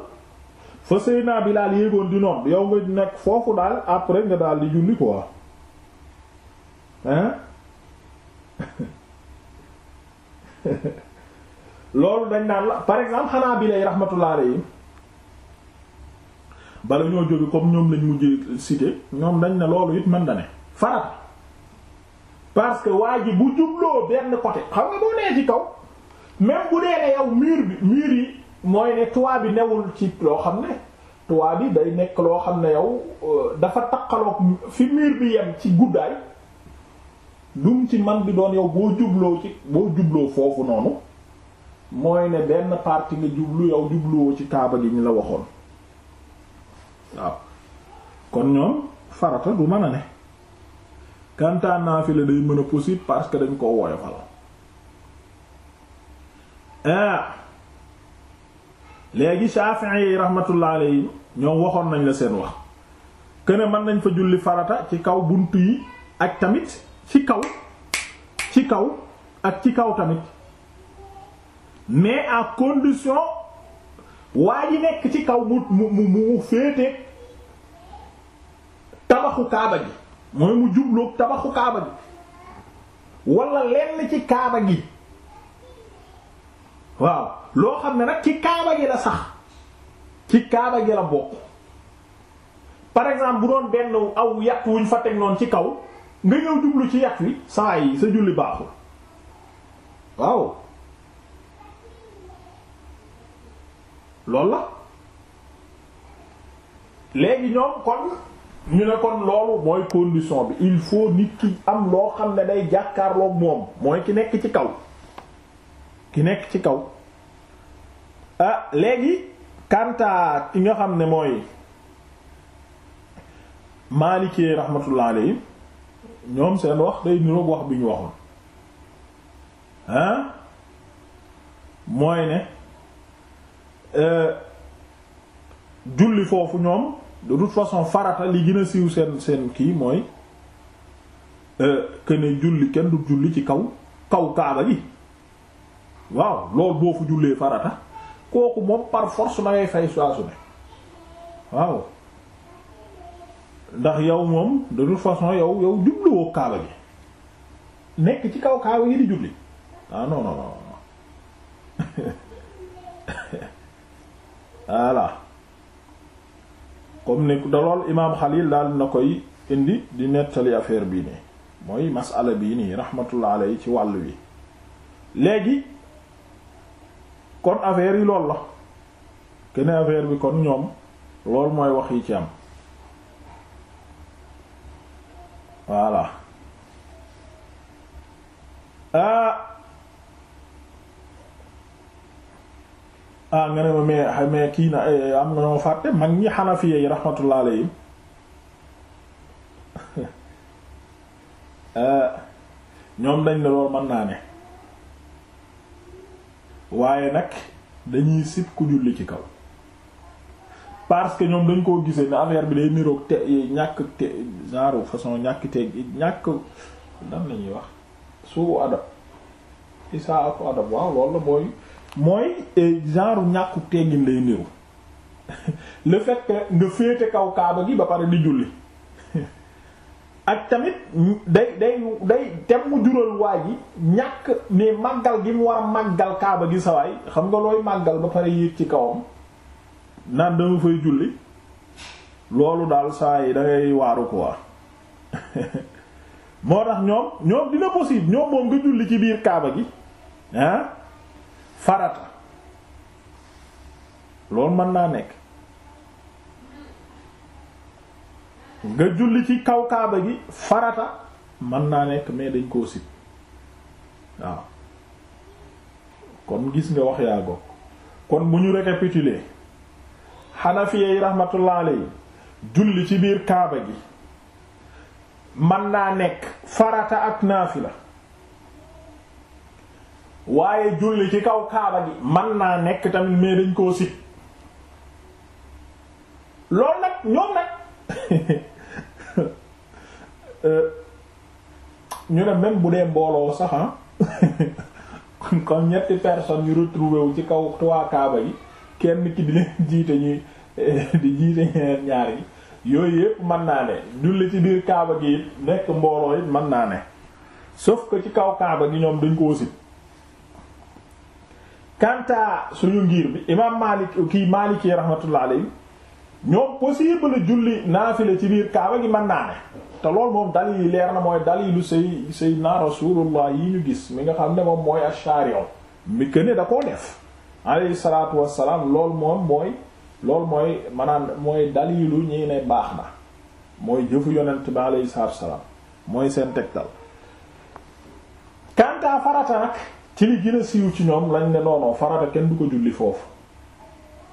fa naa Bilaal yéegoon di noon yow nga nekk foofu daal après nga daal di julli quoi hein loolu dañ naan la par exemple xanaa bi lay yi bala ñoo jóge comme ñoom lañ mujj cité ñoom dañ ne loolu it man na ne farat parce que waa bu jubloo benn côté xam nga boo nee ci kaw même bu dee ne yow mur bi mur yi mooy ne toit bi newul ci loo xam ne toit bi day nekk loo xam ne yow euh, dafa taqaloog fi miir bi yem ci guddaay lum ci man bi doon yow boo jubloo ci boo jubloo foofu noonu mooy ne benn partie nga jublu yow jubluwoo ci taabal yi ñu la waxoon waaw kon ñoom farata du mën a ne kantaan naa fi la day mën a possible parce que dañ ko woyofal ah léegi Shafi'i yi rahmatullah yi ñoom waxoon nañ la seen wax kuene mën nañ fa julli farata ci kaw bunt yi ak tamit ci kaw ci kaw ak ci kaw tamit mais à condition waa ji nekk ci kaw mu mu mu féete tabaxu kaaba gi mooy mu jubloog tabaxu kaaba gi wala lenn ci kaaba gi waaw loo xam ne nag ci kaaba gi la sax ci kaaba gi la bokk par exemple bu doon benn aw yàq wuñ fa teg ci kaw nga ñëw jublu ci yàq wi saa yi sa julli baaxul waaw loolu la léegi ñoom kon ñu ne kon loolu mooy condition bi il faut nit ki am loo xam ne day jàkkaarloog moom mooy ki nekk ci kaw ki nekk ci kaw ah léegi kanta ki nga xam ne mooy maalikee rahmatullah alayhi ñoom seen wax day niroog wax bi ñu waxoon ah mooy ne Euh, julli foofu ñoom de toute façon farata li gën a siiw seen seen kii mooy euh, que ne julli kenn du julli ci kaw kaw kaaba gi waaw loolu boo fu jullee farata kooku moom par force na ngay fay saa ne waaw ndax yow moom de toute façon yow yow jubluwoo kaaba gi nekk ci kaw kaaba gi di julli ah non non voilà comme ni da lool imaam Xalil daal na koy indi di nettali affaire bii nii mooy masala bii nii rahmatullah alayhi ci wàll wi léegi kon affaire yi lool la kene affaire bi kon ñoom lool mooy wax yi ci am voilà ah, ah nga ne ma mais kii na eh, am na ñoo fàtte mag ñi xanafiya yi rahmatullah alayhim eh, ñoom dañ ne loolu mën naa ne waaye nag dañuy sib ku julli ci kaw parce que ñoom dañ koo gisee ne affaire bi day niroog te ñàkk te genre façon ñàkk te ñàkk nan la ñuy wax suubu adab isaa ak adab waaw loolu mooy mooy eh, genre ñàkku teggin lay niru le fait nga féete kaw kaaba gi ba pare di julli ak tamit day day day tem mu jural waa ji ñàkk ne màggal gi mu war màggal kaaba gi sawaay xam nga looy màggal ba pare yéeg ci kawam naan dama fay julli loolu daal saa yi da waaru ko waa moo tax ñoom ñoom dina possible ñoom moom nga julli ci biir kaaba gi ah. farata loolu mën naa nekk nga julli ci kaw kaaba gi farata mën naa nekk mais dañ koo sib waaw kon gis nga wax yaa go kon bu ñu récapituler xanafiya yi rahmatullah alayhi julli ci biir kaaba gi mën naa nekk farata ak naafila waaye julli ci kaw kaaba gi man naa nekk tamit mais dañ koo sit loolu nag ñoom nag euh, ñu ne même bu dee mbooloo sax ah comme ñetti personnes yu retrouvé wu ci kaw trois kaaba yi kenn ki di leen jiite ñuy di jiite ñeneen ñaar yi yooyu yëpp mën naa ne julli ci biir kaaba gi nekk mbooloo it mën naa ne sauf ko ci kaw kaaba gi ñoom dañ koo sit kanta suñu ngir bi imaam Maalik kii Maalik yi rahmatullah alayhi possible julli naafile ci biir kaaba gi mën naa ne te loolu moom dalil yi leer na mooy dalilu say sayyidina rasulullah yi ñu gis mi nga xam ne moom mooy ash-shari'u mi ne da koo def alayhi salaatu wassalaam loolu moom mooy loolu mooy maanaam mooy dalilu ñi ne baax na mooy jëfu yonent bi alayhi salaatu wassalaam mooy seen tegtal kanta farata nag ci li gën siiw ci ñoom lañ ne noonoo farata kenn du ko julli foofu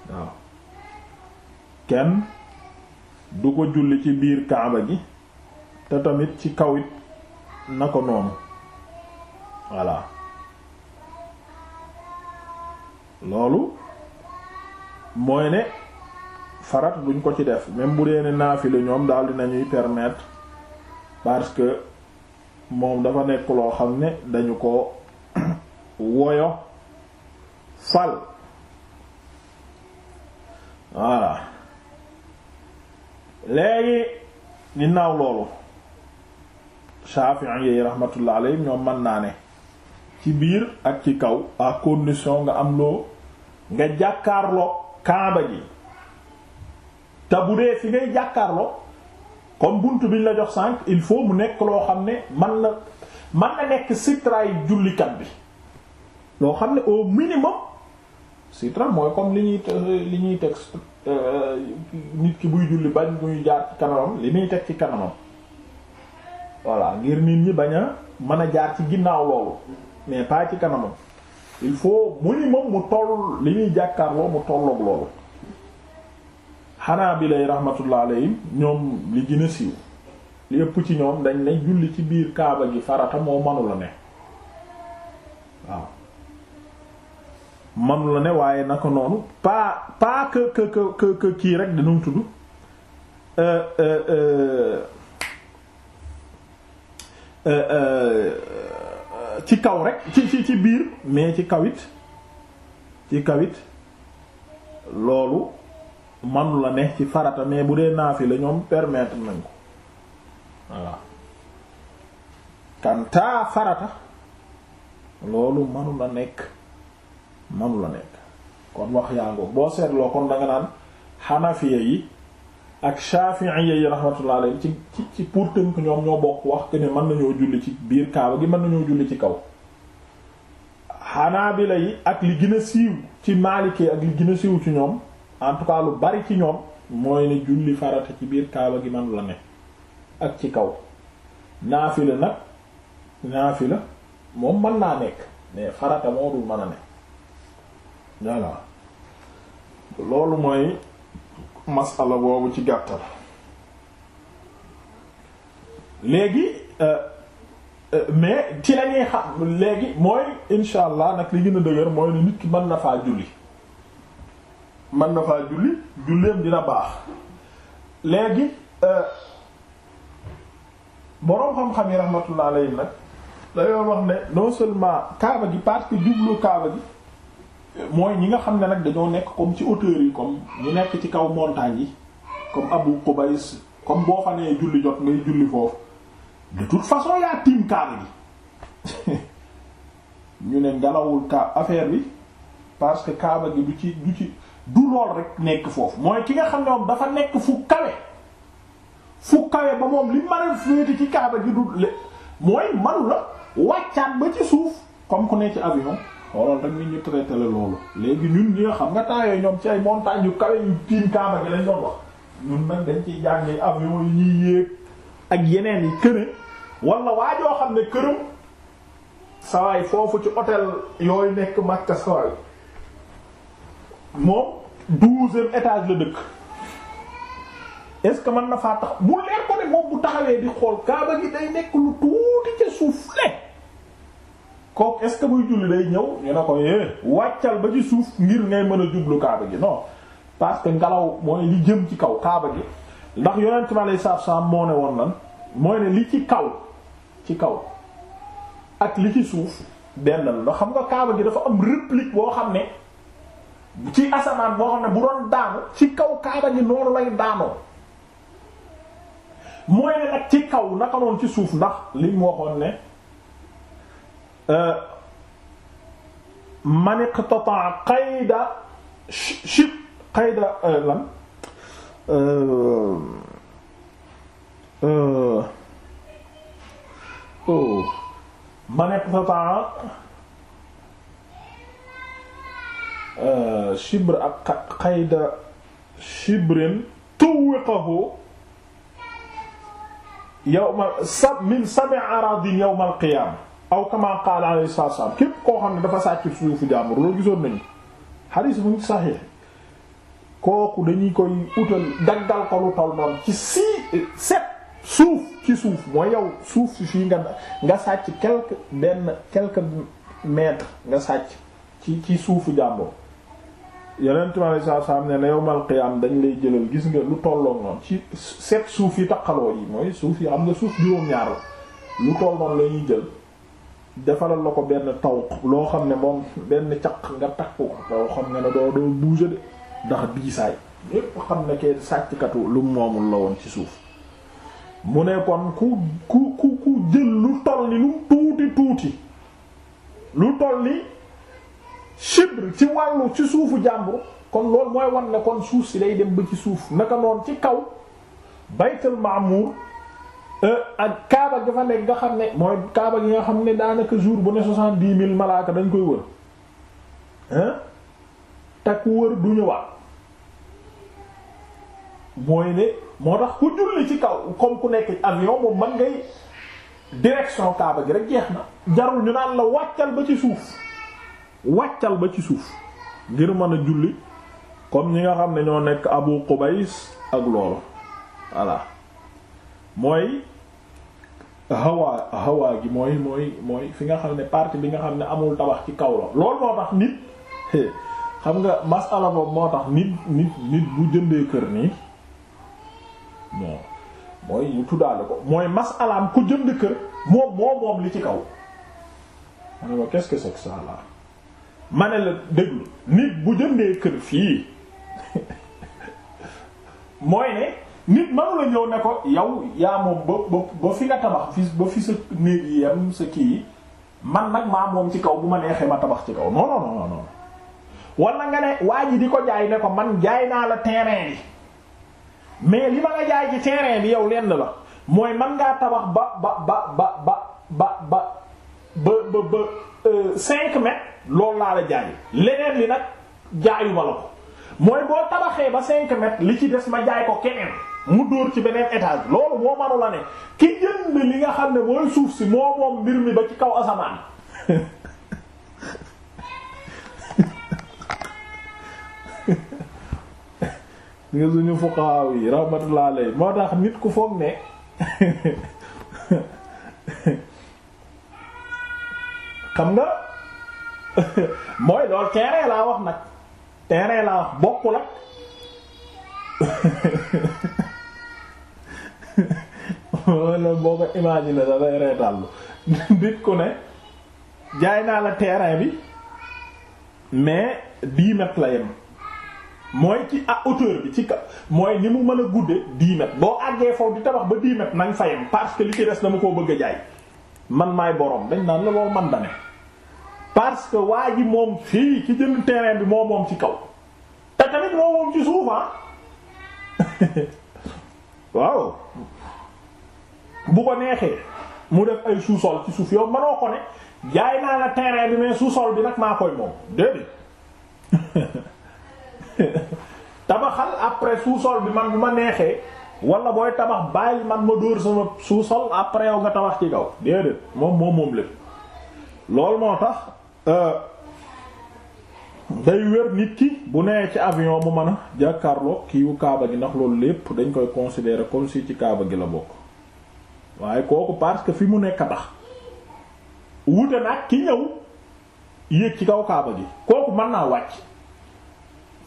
waaw kenn du ko julli ci biir kaaba gi te tamit ci kaw it na ko noonu voilà loolu mooy ne farat duñ ko ci def même bu dee ne naafila ñoom daal dinañuy permettre parce que moom dafa nekk loo xam ne dañu ko woyo fal voilà léegi ginnaaw loolu Shafi'i yi rahmatullah alayhim ñoom mën naa ne ci biir ak ci kaw à condition nga am loo nga jàkkaarloo kaaba ji te bu dee fi ngay jàkkaarloo comme bunt biñ la jox sànq il faut mu nekk loo xam ne man na man na nekk sitraay jullikat bi loo xam ne au minimum sitra mooy comme li ñuy li ñuy teg euh, nit ki buy julli bañ muy jaar ci kanamam li muy teg ci kanamam voilà ngir nit ñi bañ a mën a jaar ci ginnaaw loolu mais pas ci kanamam il faut minimum mu toll li ñuy jàkkaarloo mu tolloog loolu xanaa bi lay rahmatullah ñoom li gën a siiw li ëpp ci ñoom dañ ne julli ci biir kaaba gi farata moo mënula ne waaw manu la ne waaye naka noonu paa pas que que que que kii rek dañu tudd euh, euh, euh, ci kaw rek ci ci biir mais ci kawit ci kawit loolu manu la ne ci farata mais bu dee naafi la ñoom permettre nañ ko voilà kantaa farata loolu manu la nekk manu la nekk kon wax yaa boo seetloo kon da nga naan xanafiya yi ak shafi'iyya yi rahmatullah alayhi ci ci pour tënk ñoom ñoo bokk wax que ne mën nañoo julli ci biir kaaba gi mën nañoo julli ci kaw xanaabila yi ak ci maalikee ak li ci ñoom en tout cas lu bari ci ñoom mooy ne julli farata ci biir kaaba gi man la ne ak ci kaw naafila nag naafila moom mën naa nekk mais farata moo dul mën a ne voilà loolu mooy masala boobu ci gàttal léegi euh, euh, mais ci lañuy xam léegi mooy insha allah nag li gën a dëgër mooy ni nit ki mën na faa julli mën na faa julli julleem dina baax léegi euh, boroom xam-xam yi rahmatullah alayhi nag dañoo wax ne non seulement kaaba gi parce que jublu kaaba gi mooy ñi nga xam ne nag dañoo nekk comme ci hauteur yi comme ñu nekk ci kaw montagne yi comme Abu Qubays comme boo fa nee julli jot ngay julli foofu de toute façon yaa tiim kaaba gi ñu ne ngalawul ka affaire bi parce que kaaba gi du ci du ci du lool rek nekk foofu mooy ki nga xam ne moom dafa nekk fu kawe fu kawe ba moom li mën féete ci kaaba gi du le mooy manu la wàccaat ba ci suuf comme ku ne ci avion xoolal rek ni ñu traité la loolu léegi ñun ñi xam nga temps ñoom ci ay montagne yu kawe yu tiim Kaaba gi lañ doon wax ñun nag dañ ciy jàngee avion yi ñuy yéeg ak yeneen yi këne wala waa joo xam ne këram sawaay foofu ci hôtel yooyu nekk Makka sawaay moom douzième étage la dëkk est-ce que mën na faa tax mu leer ko moom bu taxawee di xool Kaaba gi day nekk lu tuuti ca suuf le kooku est-ce que buy julli day ñëw ñu ne ko é eh, wàccal ba ci suuf ngir ngay mën a jublu kaaba gi non parce que ngelaw mooy li jëm ci kaw kaaba gi ndax yonent mi alei satu salaam moo ne woon lan mooy ne li ci kaw ci kaw ak li ci suuf benn la xam nga kaaba gi dafa am réplique boo xam ne ci asamaan boo xam ne bu doon daanu ci kaw kaaba gi noonu lay daanoo mooy ne ci kaw naka noonu ci suuf ndax li mu waxoon ne Euh, man iqtata'a qayda shib qayda euh, lan euh, oh. man iqtata'a shibr ak qayda shibrin tuwwiqahu yawma sab min sab'i aradin yawmal qiyaamah aw kama qaala alayhi salaam képp koo xam ne dafa sàcc suufu jàmbur loolu gisoon nañu xadiis mu ngi saxiix kooku dañuy koy utal daggal ko lu toll si set suuf ci suuf moo yow suuf si fii nga nga sàcc quelque benn quelque mètre nga sàcc ci ci suufu jàmbur yeneen mi alei saatu salaam ne na yowmal qiyaam dañ lay jëlal gis nga lu tolloon noonu ci set suuf yi taqaloo yi mooy suuf yi am nga suuf juróom-ñaar la lu toll noonu la ñuy jël defalal la ko benn tawq loo xam ne moom benn caq nga takk ko loo xam ne doo doo bouger de ndax diisaay yépp xam ne kee sàcckatu lu moomul la woon ci suuf mu ne kon ku ku ku jël lu toll ni lu tuuti tuuti lu toll ni chibre ci wàllu ci suufu jàmbur kon loolu mooy wan ne kon suuf si day dem ba ci suuf naka noonu ci kaw baytul ma'mur Euh, ak kaaba gi fa nekk nga xam ne mooy kaaba gi nga xam ne daanaka jour bu ne soixante-dix mille malaaka dañ koy wër hein takk wër du ñëwaat mooy ne moo tax ku julli ci kaw comme ku nekk ak moom man ngay direction kaaba gi rek jeex na jarul ñu naan la wàccal ba ci suuf wàccal ba ci suuf ngir mën a julli comme ñi nga xam ne ñoo nekk Abu Qubays ak loolu voilà mooy hawa hawa gi mooy mooy mooy fi nga xam ne partie bi nga xam ne amul tabax ci kaw la loolu moo tax nit xam nga masala boobu moo tax nit nit bu jëndee kër nii non mooy yu tuddaale ko mooy masalaam ku jënd kër moom moo moom li ci kaw ma que c'est que ça la déglu nit bu jëndee kër fii mooy ne nit mënu la ñëw ne ko yow yaa moom ba ba ba fi nga tabax fi ba fi sa néeg yi yam sa kii yi man nag maa moom ci kaw bu ma neexee ma tabax ci kaw non non non nga ne waa ji di ko jaay ne ko man jaay naa la terrain bi mais li ma nga jaay bi yow lenn la mooy man ngaa tabax ba ba ba ba ba ba ba ba ba cinq mètres loolu laa la jaay leneen li nag jaayuma la ko mooy boo tabaxee ba cinq mètres li ci des ma jaay ko keneen. mu dóor ci beneen étage loolu moo manu la ne ki jënd li nga xam ne mooy suuf si moo moom mbir mi ba ci kaw asamaan nga suñu fuqaaw yi rahmatullah alayhi moo nit ku foog ne xam nga mooy loolu terrain laa wax nag terrain laa wax bokkul ak wala boo ko imaginer sax day reetallu nit ku ne jaay naa la terrain bi mais dix mètres la yem mooy ci à hauteur bi ci ka mooy ni mu mën a gudde dix boo àggee foofu di tabax ba dix mètres nañ fa yem parce que li ci des dama koo bëgg a jaay man maay boroom dañ naan la boobu man da parce que waa ji moom fii ci jënd terrain bi moo moom ci kaw te tamit moo moom ci suufaa ah. waaw bu ko neexee mu def ay sous-sol ci suuf yow manoo ko ne jaay naa la terrain bi mais sous-sol bi nag maa koy moom déedéet tabaxal après sous bi man bu ma neexee wala booy tabax bàyyil man ma dóor sama sous-sol après yow nga tabax ci kaw déedéet moom moom moom lépp loolu moo tax. Euh, day wér nit ki bu nee ci avion mu mën a jàkkaarloo kiiwu kaaba gi ndax loolu lépp dañ koy considérer comme si ci kaaba gi la bokk waaye kooku parce que fi mu nekk a tax wute nag ki ñëw yéeg ci kaw kaaba gi kooku mën naa wàcc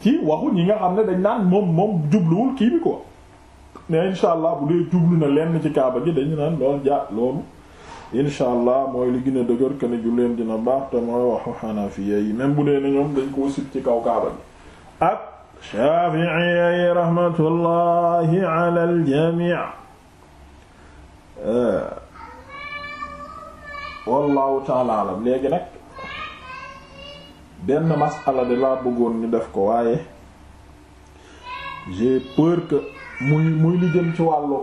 ci waxu ñi nga xam ne dañ naan moom moom jubluwul kii bi ko mais insha allah bu dee jublu na lenn ci kaaba gi dañu naan loolu ja loolu incha allah mooy li gën a dëgër que ne julleem dina baax te mooy waxu xanafiya yi même bu dee ne ñoom dañ koo sib ci kaw kaaba gi ak shafiiya yi rahmatullahi ala aljamii eh. wallahu taala léegi nag benn masala de laa bëggoon ñu def ko waaye j'ai peur que muy muy li jëm ci wàllu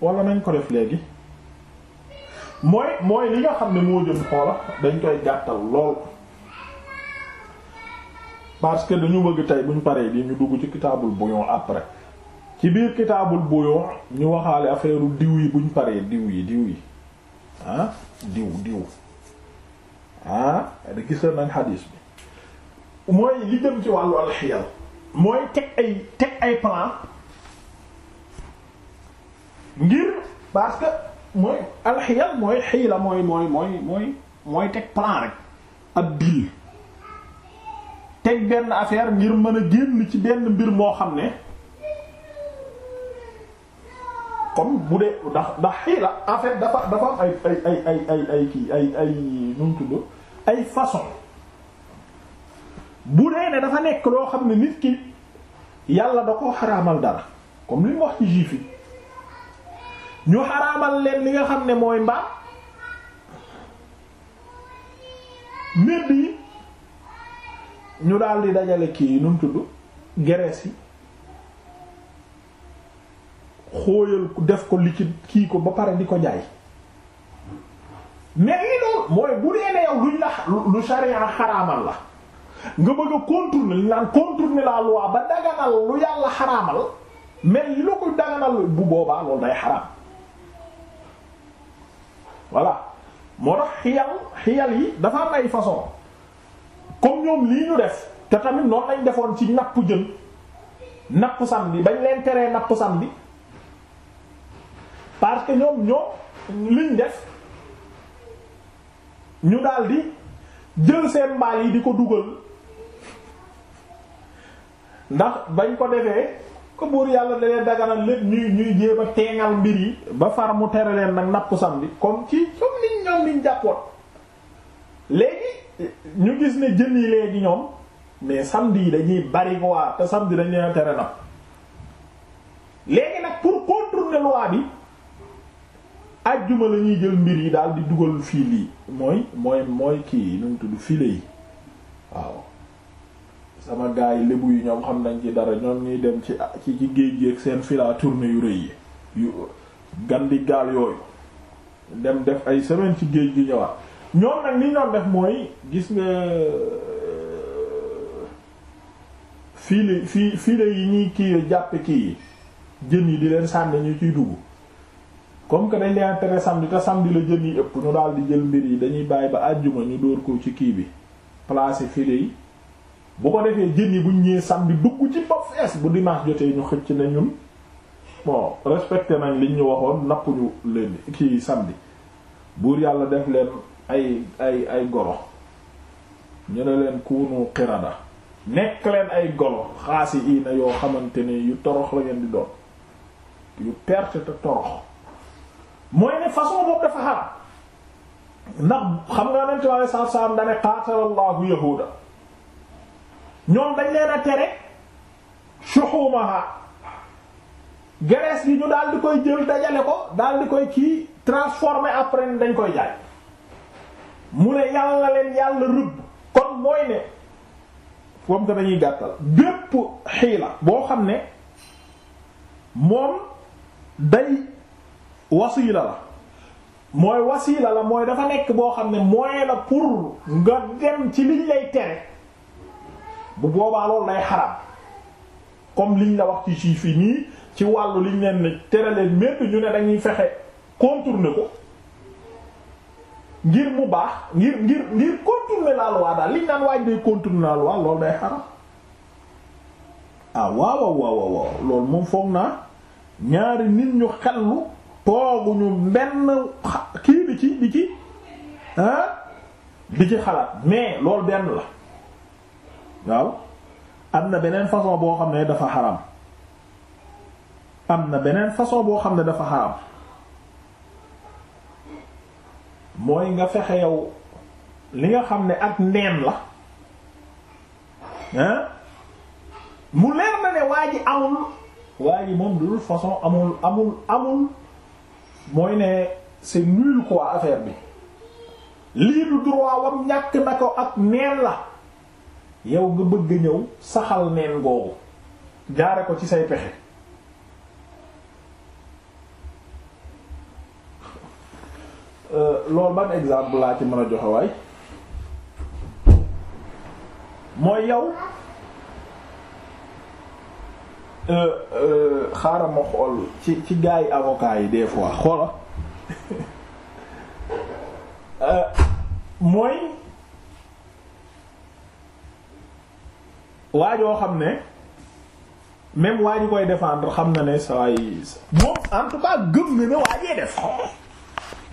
wala nañ ko def léegi mooy mooy li nga xam ne moo jëm xoola dañ koy gàttal lool parce que dañu bëgg tey buñ paree bi ñu dugg ci kitaabul bouillon après ci biir kitaabul bouillon ñu waxaale affaire diw yi buñ paree diw yi diw yi ah diw diw ah da gisa nañ xadiis bi mooy li jëm ci wàllu alxiyal mooy teg ay teg ay plan ngir parce mooy alxiyal mooy mooy mooy mooy mooy mooy teg plan rek ab dil teg benn affaire ngir mën a génn ci benn mbir moo xam ne comme bu dee ndax ndax xiila en fait dafa dafa am ay ay ay ay ay ay ay nu mu tudd ay façon bu dee ne dafa nekk loo xam ne nit ki yàlla da koo xaraamal dara comme li mu wax ci juif yi ñu xaraamal leen li nga xam ne mooy mbaam médd yi ñu daal di dajale kii yi nu mu tudd gerees yi xóoyal def ko liquide kii ko ba pare di ko jaay mais lii loolu mooy bu dee ne yow la lu sharia xaraamal la nga bëgg a contourner li naan contourner la loi ba daganal lu yàlla xaraamal mais li la ko daganal bu boobaa loolu day xaraam voilà moo tax xiyal xiyal yi dafa am ay façon comme ñoom lii ñu def te tamit noonu lañ defoon ci napp jën napp samedi bañ leen teree napp samedi parce que ñoom ñoom liñ def ñu daldi jël seen mbaal yi di ko dugal ndax bañ ko defee ko yàlla da leen daganal lépp ñuy ñuy jéem a teengal mbir yi ba far mu tere leen nag napp samedi comme ci comme niñ ñoom niñ jàppoon léegi ñu gis ne jën yi léegi ñoom mais samedi yi dañuy bari waa te samedi dañ leen tere napp léegi nag pour contourner loi bi ajjuma la ñuy jël mbir yi daal di dugal fii lii mooy mooy mooy kii nu mu tudd filet yi waaw sama gaa yi lébu yi ñoom xam nañ ci dara ñoom ñuy dem ci ci ci géej gi ak seen filaa tournée yu rëy yi yu di gaal yooyu dem def ay semaine ci géej gi ñëwaat ñoom nag li ñoon def mooy gis nga euh, fiile fii fiile yi ñuy kii jàppe kii jën yi di leen sànni ñu ciy dugg comme que dañ leen tere samedi te samedi la jën yi ëpp ñu daal di jël mbir yi dañuy bàyyi ba àjjuma ñu dóor ko ci kii bi placer fiile yi bu ko defee jën yi buñ ñëwee samedi dugg ci bopp fees bu dimanche jotee ñu xëcc na ñun bon respecté nañ liñ ñu waxoon nappuñu leen kii samedi buur yàlla def leen ay ay ay golo ñu ne leen kuunu xirada nekk leen ay golo xaasi iina yoo xamante ne yu torox la ngeen di doon yu perte te torox mooy ne façon boobu dafa xaram ndax xam nga nent wale saab-saam dane qaatalallahu yahuda ñoom dañ leen a tere shuhumaha graisse yi ñu daal di koy jël dajale ko daal di koy kii transformer après dañ koy jaay mu ne yàlla leen yàlla rëbb kon mooy ne comme que dañuy gàttal bépp xiila boo xam ne moom day wasiila la mooy wasiila la mooy dafa nekk boo xam ne moyen la pour nga dem ci liñ lay tere bu boobaa loolu day xaram comme liñ la wax ci juif yi nii ci wàllu liñ leen tere leen mépp ñu ne dañuy fexe contourner ko ngir mu baax ngir ngir ngir contourner la loi daal liñ naan waaj day contourner la loi loolu day xaram ah waaw waaw waaw loolu moom foog naa ñaari nit ñu xellu tooguñu benn kii bi ci di ci ah di ci xalaat mais loolu benn la waaw am na beneen façon boo xam ne dafa xaram am na beneen façon boo xam ne dafa xaram mooy nga fexe yow li nga xam ne ak neen la hein mu leer na ne waa amul waa moom de façon amul amul amul mooy ne c'est nul quoi affaire bi lii du droit wam ñàkk na ko ak neen la yow nga bëgg ñëw saxal neen googu jaare ko ci say pexe euh, loolu ban exemple laa ci mën a joxe waay mooy yow euh, euh, xaaral ma xool ci ci gars yi avocats yi des fois xoola mooy waajoo xam ne même waa ji koy défendre xam na ne saa yi moom en tout cas gëm na ne waajee def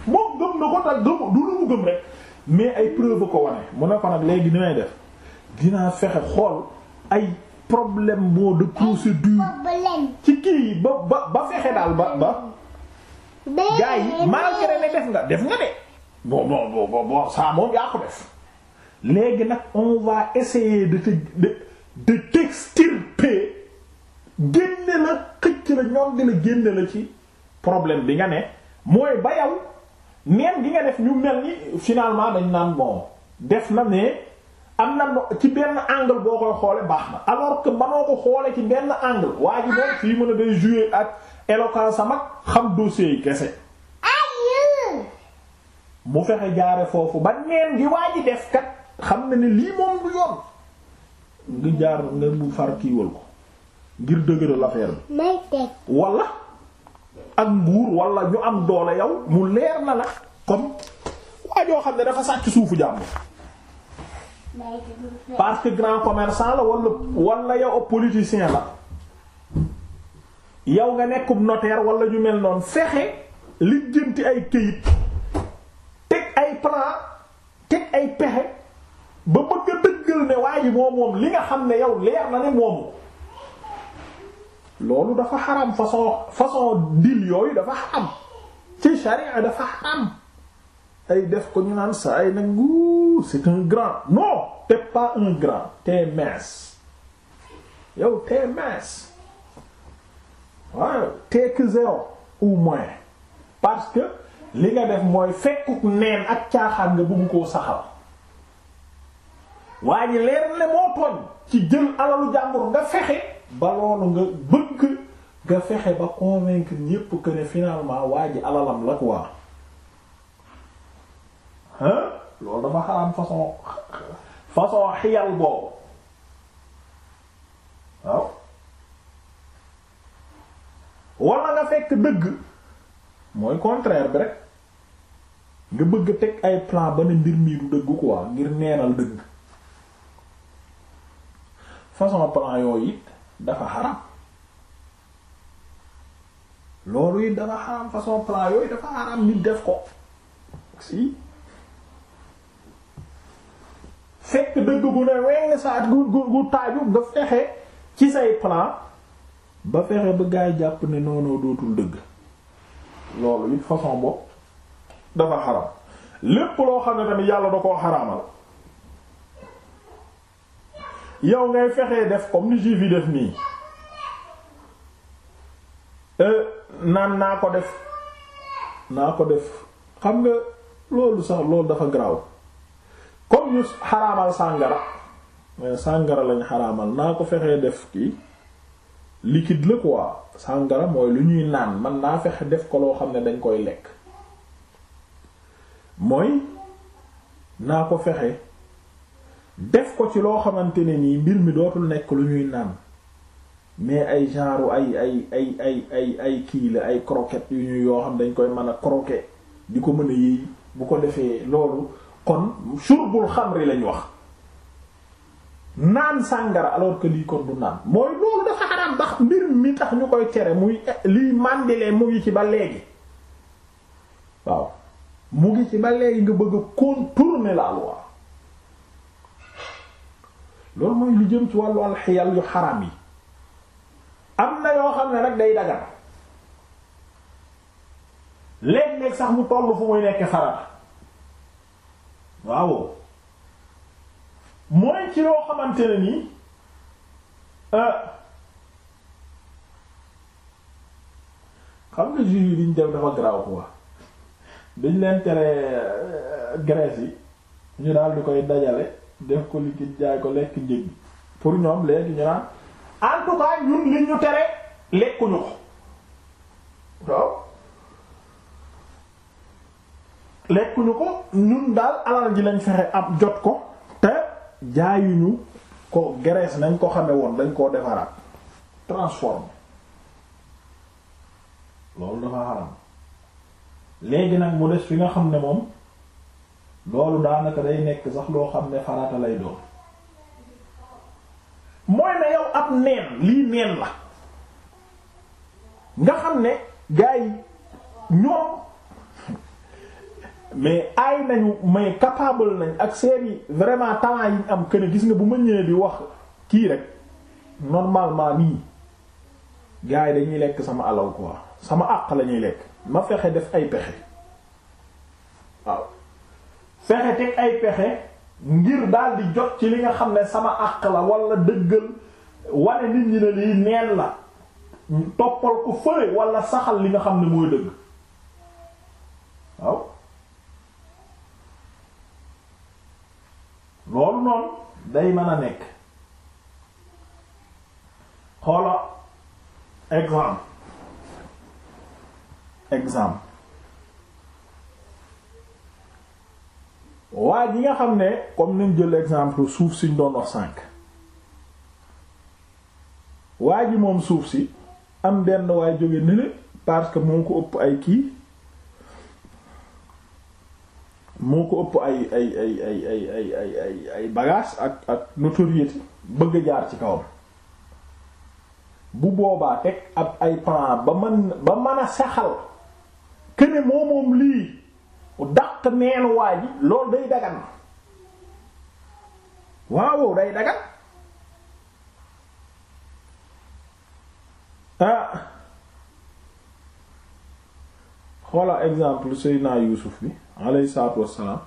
moom gëm na ko tax du lu mu gëm rek mais ay preuve ko wane mu ne ko nag léegi ni may def dinaa fexe xool ay problème moo de procédure ci kii ba ba ba fexe daal ba ba gaa yi malgré ne def nga def nga de bon bon bon bon ça moom yaa ko def léegi nag on va essayer de de de t'extirper génne la xëcc la ñoom di la génne la ci problème bi nga ne mooy ba yow neen gi nga def ñu mel ni finalement dañ naan bon def na ne am na ci benn angle boo koy xoole baax na alors que manoo ko xoole ci benn angle waa ji moom fii mën a day jouer ak éloquence am ak xam dossier yi kese mu fexe jaare foofu ba neen gi waa ji def kat xam na ne lii moom du yoon nga jaar nga bu far kiiwal ko ngir dëgëral affaire bi wala ak nguur wala ñu am doole yow mu leer na la comme waa xam ne dafa sàcc suufu jàmm parce que grand commerçant la wala wala yow politicien la yow nga nekkub notaire wala ñu mel noonu fexe lijjanti ay këyit teg ay plan teg ay pexe ba bëgg dëggal ne li nga xam ne yow leer na ne moomu loolu dafa xaram façon façon dil yooyu dafa xaram ci sharia dafa xaram ay def ko ñu naan sa ay nag c'est un grand non t'es pas un grand t'es mince yow t'es mince waaw que zéro au moins parce que li nga def mooy fekkuk neen ak caaxaan nga bëgg koo saxal waa ji leer ne moo tooñ ci jël alalu jàmbur nga fexe ba loolu nga bëgg nga fexe ba convaincre ñépp que ne finalement waa ji alalam la quoi hein dama xaraam façon façon xiyal boobu waaw wala nga fekk dëgg mooy contraire bi rek nga bëgg teg ay plan ba ne mbir mii du dëgg quoi ngir neenal dëgg façon plan yooyu it dafa xaram loolu it dafa xaram façon plan yooyu dafa xaram nit def ko si fekk dëgg gu ne weng saat gu gu gu taaju nga fexe ci say plan ba fexe ba gaay jàpp ne noonu dootul dëgg loolu it façon bopp dafa xaram lépp loo xam ne tamit yàlla da koo xaraamal yow ngay fexee def comme ni juif yi def nii euh, naan naa ko def naa ko def xam nga loolu sax loolu dafa garaaw comme ñu xaraamal sàngara sàngara lañ xaraamal naa ko fexee def kii liquide la quoi sàngara mooy lu ñuy naan man naa fexe def ko loo xam ne dañ koy lekk mooy naa ko fexe def ko ci loo xamante ne nii mbir mi dootul nekk lu ñuy naan mais ay genre ay ay ay ay ay ay kii la ay croquettes yu ñuy yoo xam dañ koy mën a croquer di ko mën a yéey bu ko defee loolu kon bul xamri lañ wax naan sàngara alors que lii kon bu naan mooy loolu dafa xaraam ndax mbir mi tax ñu koy tere muy liy màndilee mu ngi ci ba léegi waaw mu ngi ci ba léegi nga bëgg a ne la loi loolu mooy lu jëm ci wàllu alxiyal yu xaram yi am na yoo xam ne nag day dagan léeg-léeg sax mu toll fu muy nekk farata waaw mooy ci yoo xamante ne nii euh, xam nga jur yi diñ def dafa garaaw quoi dañ leen tere euh, graisse yi ñu daal di koy dajale def ko liquide jaay ko lekk njëg pour ñoom léegi ñu naan en ñun liñ ñu tere lekkuñu ko lekkuñu ko ñun daal alal ji lañ fexe ab jot ko te jaayuñu ko graisse nañ ko xame woon dañ koo defaraat transforme loolu dafa xaram léegi nag mu des fi nga xam ne moom loolu daanaka day nekk sax loo xam ne farata lay doon mooy na yow ab neen lii neen la nga xam ne gars yi ñoom mais aay nañu mais capable nañ ak seeni vraiment talent yi ñu am que gis nga bu ma ñëwee di wax kii rek normalement nii gars yi dañuy lekk sama alal quoi sama àq la ñuy lekk ma fexe def ay pexe waaw fexe teg ay pexe ngir daal di jot ci li nga xam ne sama àq la wala dëggal wane nit ñi ne lii neen la toppal ko fële wala saxal li nga xam ne mooy dëgg waaw loolu noonu day mën a nekk xoola exemple exemple waa ji nga xam ne comme nañ jël exemple suuf si ñu doon wax sànq waa ji moom suuf si am benn waay jóge nële parce que moo ko ëpp ay kii moo ko ëpp ay ay ay ay ay ak ak notoriété bëgg jaar ci kawam bu boobaa teg ab ay plan ba man ba mën a saxal kene moo moom lii dàq neenu waa ji loolu day dagan waaw day dagan ah xoola exemple Seydina Yuusuf bi alayhi salaatu wassalaam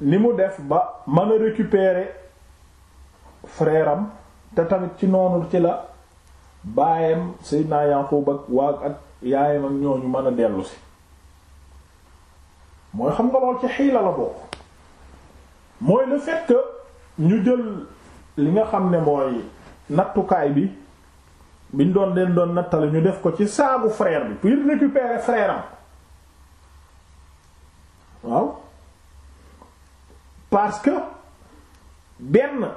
li eh, mu def ba mën a récupérer frère te tamit ci noonu ci la baayam Seydina Yaaqub ak waa ak yaayam ak ñu mën a dellusi mooy xam nga lool ci xiila la bokk mooy le fekk ñu jël li nga xam ne mooy nattukaay bi biñ doon den doon nattale ñu def ko ci saabu frère bi pour récupérer frère am waaw parce que benn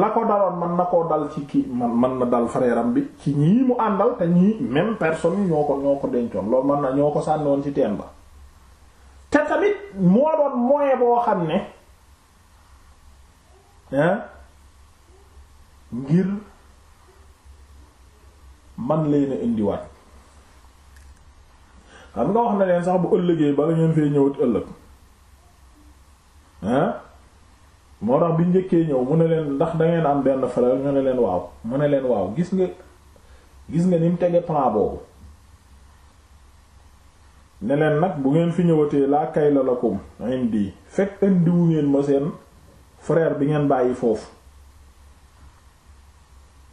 la ko daloon man na koo dal ci ki man man na dal frère bi ci ñii mu àndal te ñii même personne yi ñoo ko ñoo ko dencoon loolu man na ñoo ko sànniwoon ci teen ba te tamit moo doon moyen boo xam ne hein ngir man leen a indiwaat xam nga wax na leen sax bu ëllëgee bala ngeen fee ñëwati ëllëg hein moo tax bi njëkkee ñëw mu ne leen ndax da am benn frère ñu ne leen waaw mu ne leen waaw gis nga gis nga ni mu tege plan boobu ne leen nag bu ngeen fi ñëwatee laa kay la ko indi fekk indiwu ngeen ma seen frère bi ngeen bàyyi foofu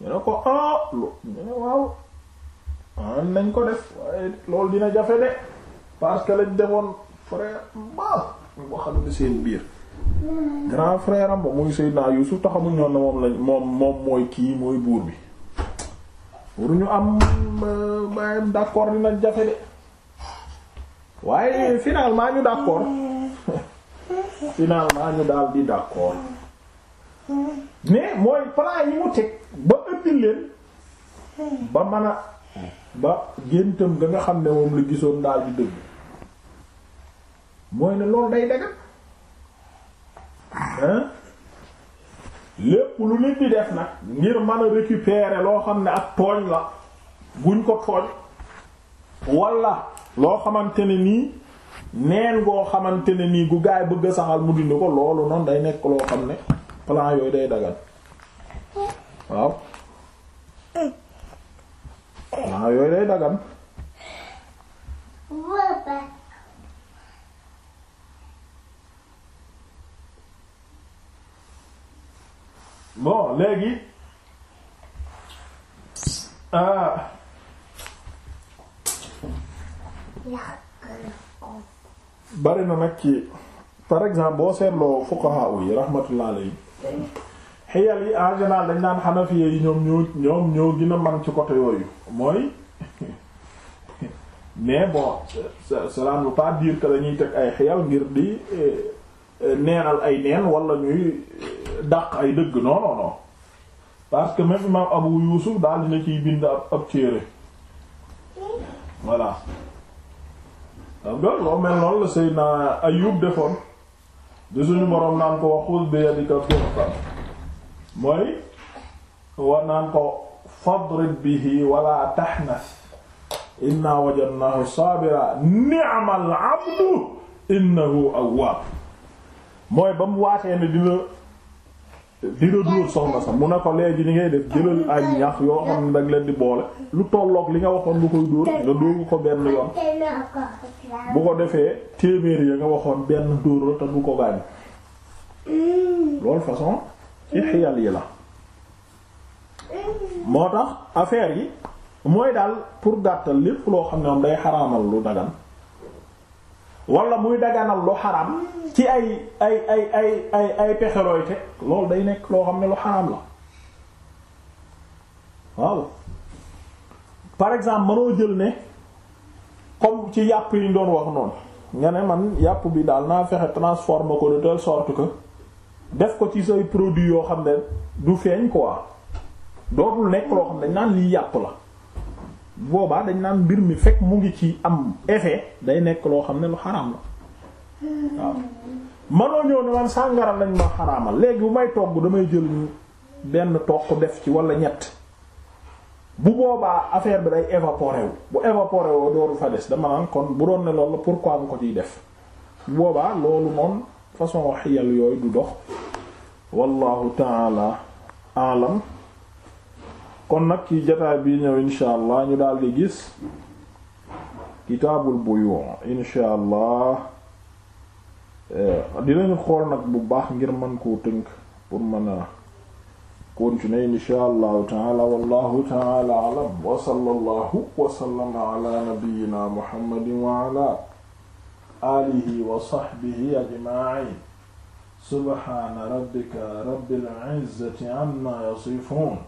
ñu ne ko ah ñu ne waaw nañ ko def waaye loolu dina jafe de parce que lañ defoon frère ba waxal seen biir grand frère am ba muy Seydina Yuusuf taxamuñ na moom lañ moom moom mooy kii mooy buur bi ñu am euh, bayam d'accord dina jafe de waaye finalement ñu d'accord finalement ñu daal di d'accord mais mooy plan yi mu teg ba ëppil leen ba mën a ba géntam ga nga xam ne moom la gisoon daal di dëgg mooy ne loolu day dagat lépp lu nit di def nag ngir mën a récupérer loo xam ne ak tooñ la guñ ko tooñ wala loo xamante ne nii neen goo xamante ne nii gu gaay bëgg saxal mu dindi ko loolu noonu day nekk loo xam ne plan yooyu day dagal waaw plan yooyu day dagan bon léegi ah. bari na nag ci par exemple boo seetloo fuqaha yi rahmatullah alayhi xiyal yi en général dañ naan xanafiya yi ñoom ñoo ñoom ñoo gën man ci côté yooyu mooy mais bon cela ne veut pas dire que dañuy teg ay xiyal ngir di euh, euh, neexal ay neen wala ñuy dàq ay dëgg non non parce que même imam Abu Yusuf daal dina ciy bind ab ab téere voilà xam mel noonu la Seydina Ayyub defoon de suñu boroom naan ko waxul bi yadika firqan mooy wa naan ko fadrib bihi wala tahnas inna wajadnahu sabira ni'mal abdu innahu awwab mooy ba waatee ne dina di la dóor soxna sax mu ne ko léegi ni ngay def jëlal ay ñax yoo xam ne danga leen di boole lu tolloog li nga waxoon nga koy dóor nga dóor ko benn yoon bu ko defee téeméer ya nga waxoon benn dóor la te du ko gaañ loolu façon ci xiyal yi la moo tax affaire yi mooy daal pour gàttal lépp loo xam ne moom day xaraamal lu dagan wala muy daganal lu xaram ci ay ay ay ay ay ay pexerooy teg day nekk loo xam ne lu xaraam la waaw par exemple mënoo jël ne comme ci yàpp yi ñu doon wax noonu nga ne man yàpp bi daal naa fexe transformer ko de telle sorte que def ko ci say produit yoo xam ne du feeñ quoi dootul nekk loo xam ne naan lii yàpp la boobaa dañ naan mbir mi fekk mu ngi ci am effet day nekk loo xam ne lu xaraam la waaw manoo ñëw ne man sàngara lañ ma xaraamal léegi bu may togg damay jël benn toq def ci wala ñett bu boobaa affaire bi day évaporé bu évaporé wu dooru fa des dama naan kon bu doon ne loolu la pourquoi mu ko ciy def boobaa loolu moom façon xiyal yooyu du dox wallahu taala alam kon nag ci jataay bi ñëw insha allah ñu daal di gis kitaabul buyu insha allah eh, dinañu xool nag bu baax ngir mën koo tënk pour mën a continuer insha allahu taala wallahu taala alam wa sallallahu wa sallama ala nabiyyina muhammadin wa ala alihi wa sahbihi ajma'in subhana rabbika rabbil izzati amma yasifun